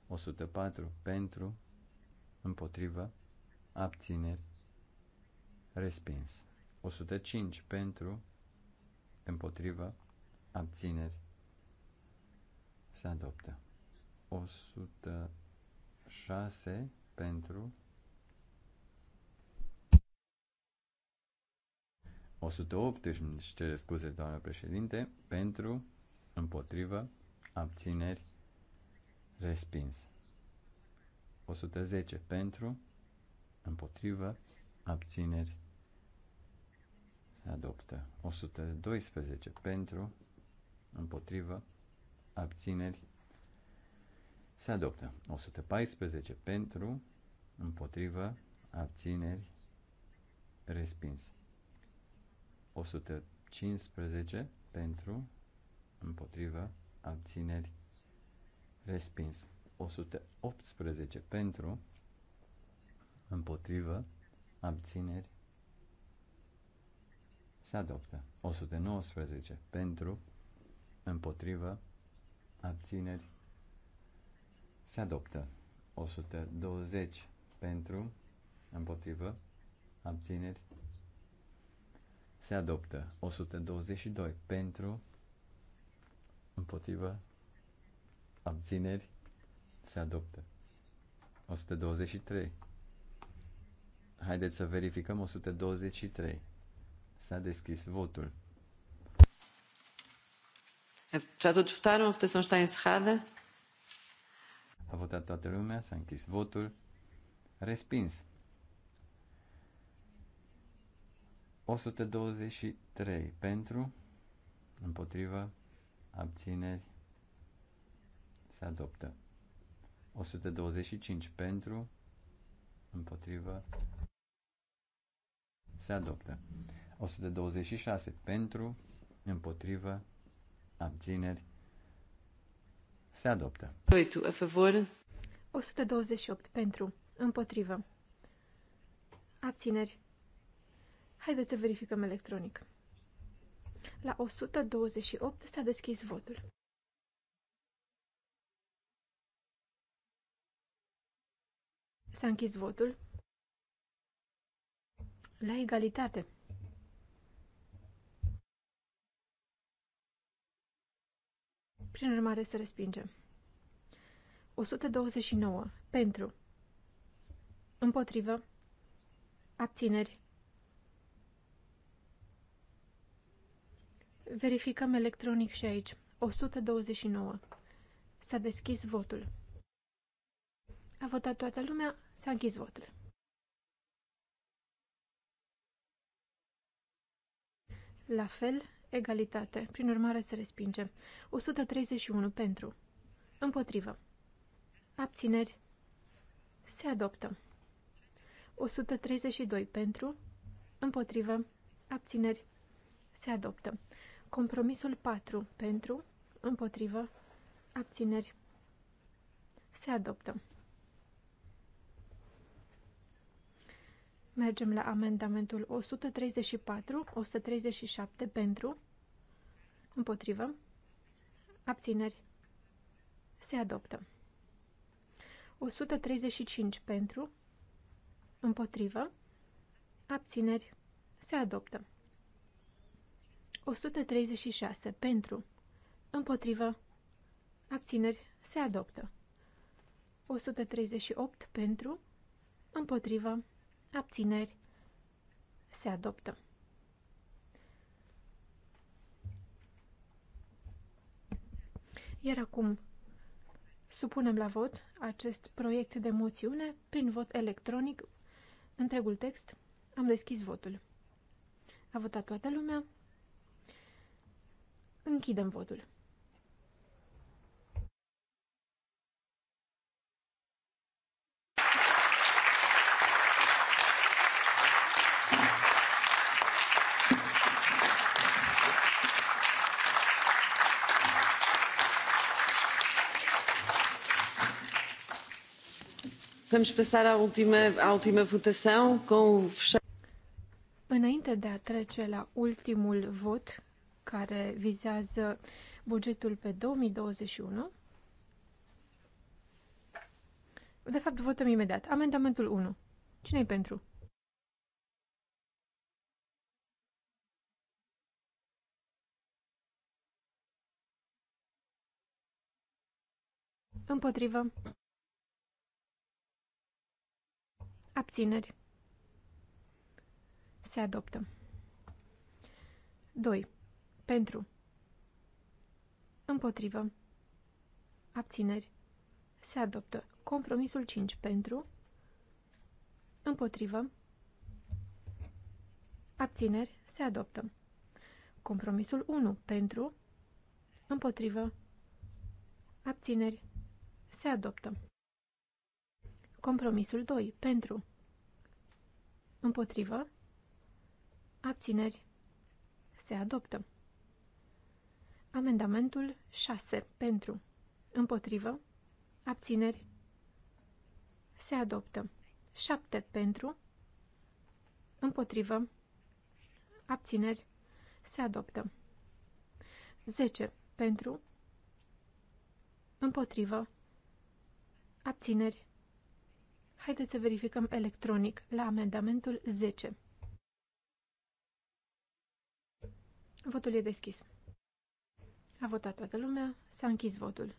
104 pentru, împotrivă, abțineri, respins. 105 pentru, împotrivă, abțineri, se adoptă. 106 pentru, 108, își cere scuze, doamnă președinte, pentru, împotrivă, abțineri, respins. 110 pentru, împotrivă, abțineri, se adoptă. 112 pentru, împotrivă, abțineri, se adoptă. 114 pentru, împotrivă, abțineri, respins. 115 pentru, împotrivă, abțineri, respins. 118 pentru, împotrivă, abțineri, se adoptă. 119 pentru, împotrivă, abțineri, se adoptă. 120 pentru, împotrivă, abțineri, se adoptă. 122 pentru, Împotrivă, abțineri, se adoptă. 123. Haideți să verificăm 123. S-a deschis votul. Já todos votaram? A votação în encerrada. A votat toată lumea, s-a închis votul. Respins. 123 pentru, împotriva, abțineri, se adoptă. 125 pentru, împotrivă, se adoptă. 126 pentru, împotrivă, abțineri, se adoptă. 128 pentru, împotrivă, abțineri. Haideți să verificăm electronic. La 128 s-a deschis votul. S-a închis votul. La egalitate. Prin urmare se respinge. 129. Pentru. Împotrivă. Abțineri. Verificăm electronic și aici. 129. S-a deschis votul. A votat toată lumea, s-a închis votul. La fel, egalitate. Prin urmare, se respinge. 131 pentru. Împotrivă. Abțineri. Se adoptă. 132 pentru. Împotrivă. Abțineri. Se adoptă. Compromisul 4. Pentru, împotrivă, abțineri. Se adoptă. Mergem la amendamentul 134, 137 pentru, împotrivă, abțineri, se adoptă. 135 pentru, împotrivă, abțineri, se adoptă. 136. Pentru. Împotrivă. Abțineri. Se adoptă. 138. Pentru. Împotrivă. Abțineri. Se adoptă. Iar acum supunem la vot acest proiect de moțiune prin vot electronic. Întregul text. Am deschis votul. A votat toată lumea. Închidem votul. Vamos passar à última, à última votação com o fechamento. Înainte de a trece la ultimul vot, care vizează bugetul pe 2021. De fapt, votăm imediat. Amendamentul 1. cine e pentru? Împotrivă. Abțineri. Se adoptă. 2. Pentru. Împotrivă. Abțineri. Se adoptă. Compromisul 5. Pentru. Împotrivă. Abțineri. Se adoptă. Compromisul 1. Pentru. Împotrivă. Abțineri. Se adoptă. Compromisul 2. Pentru. Împotrivă. Abțineri. Se adoptă. Amendamentul 6. Pentru. Împotrivă. Abțineri. Se adoptă. 7. Pentru. Împotrivă. Abțineri. Se adoptă. 10. Pentru. Împotrivă. Abțineri. Haideți să verificăm electronic la amendamentul 10. Votul e deschis. A votat toată lumea, s-a închis votul.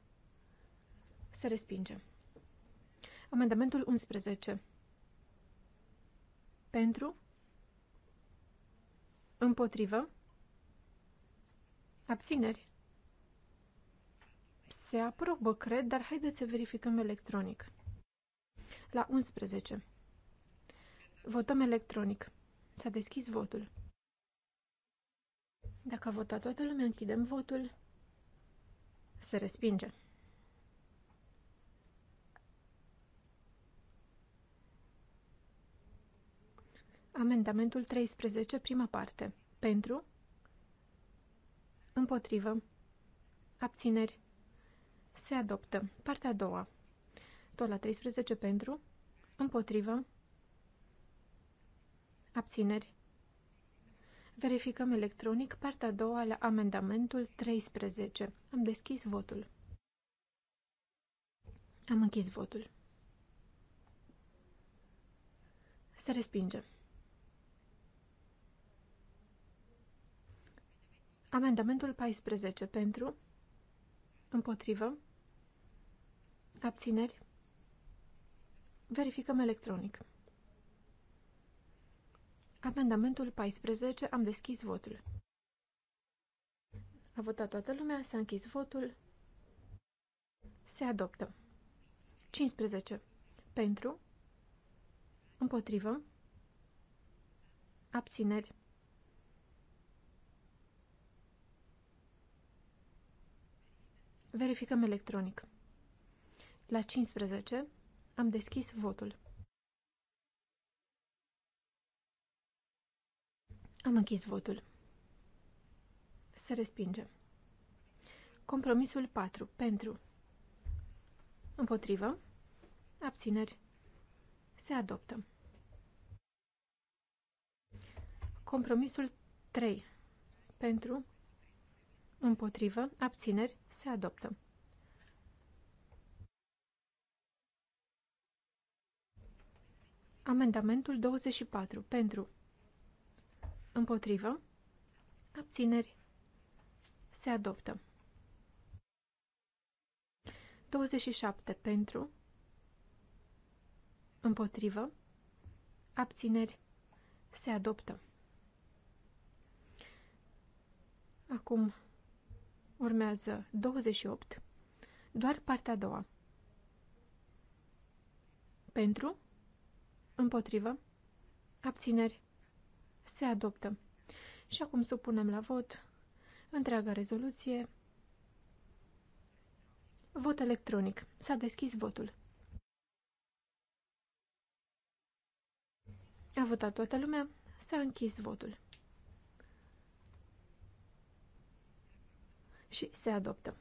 Se respinge. Amendamentul 11. Pentru. Împotrivă. Abțineri. Se aprobă, cred, dar haideți să verificăm electronic. La 11. Votăm electronic. S-a deschis votul. Dacă a votat toată lumea, închidem votul. Se respinge. Amendamentul 13, prima parte. Pentru. Împotrivă. Abțineri. Se adoptă. Partea a doua. Tot la 13 pentru. Împotrivă. Abțineri. Verificăm electronic partea a doua la amendamentul 13. Am deschis votul. Am închis votul. Se respinge. Amendamentul 14 pentru, împotrivă, abțineri, verificăm electronic. Amendamentul 14. Am deschis votul. A votat toată lumea, s-a închis votul. Se adoptă. 15. Pentru. Împotrivă. Abțineri. Verificăm electronic. La 15 am deschis votul. Am închis votul. Se respinge. Compromisul 4. Pentru. Împotrivă. Abțineri. Se adoptă. Compromisul 3. Pentru. Împotrivă. Abțineri. Se adoptă. Amendamentul 24. Pentru. Împotrivă. Abțineri. Se adoptă. 27 pentru. Împotrivă. Abțineri. Se adoptă. Acum urmează 28. Doar partea a doua. Pentru. Împotrivă. Abțineri. Se adoptă. Și acum supunem la vot întreaga rezoluție. Vot electronic. S-a deschis votul. A votat toată lumea. S-a închis votul. Și se adoptă.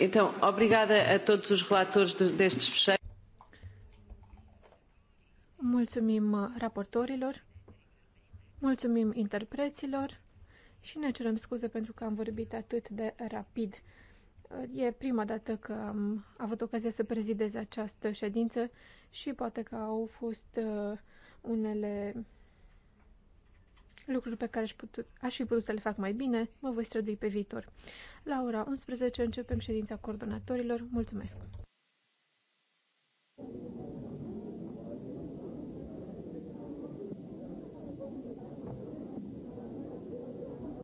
Então, obrigada a todos os relatores destes fecheiros. Mulțumim uh, raportorilor, mulțumim interpreților și ne cerem scuze pentru că am vorbit atât de rapid. Uh, e prima dată că am avut ocazia să prezidez această ședință și poate că au fost uh, unele lucruri pe care aș, fi putut să le fac mai bine, mă voi strădui pe viitor. La ora 11 începem ședința coordonatorilor. Mulțumesc!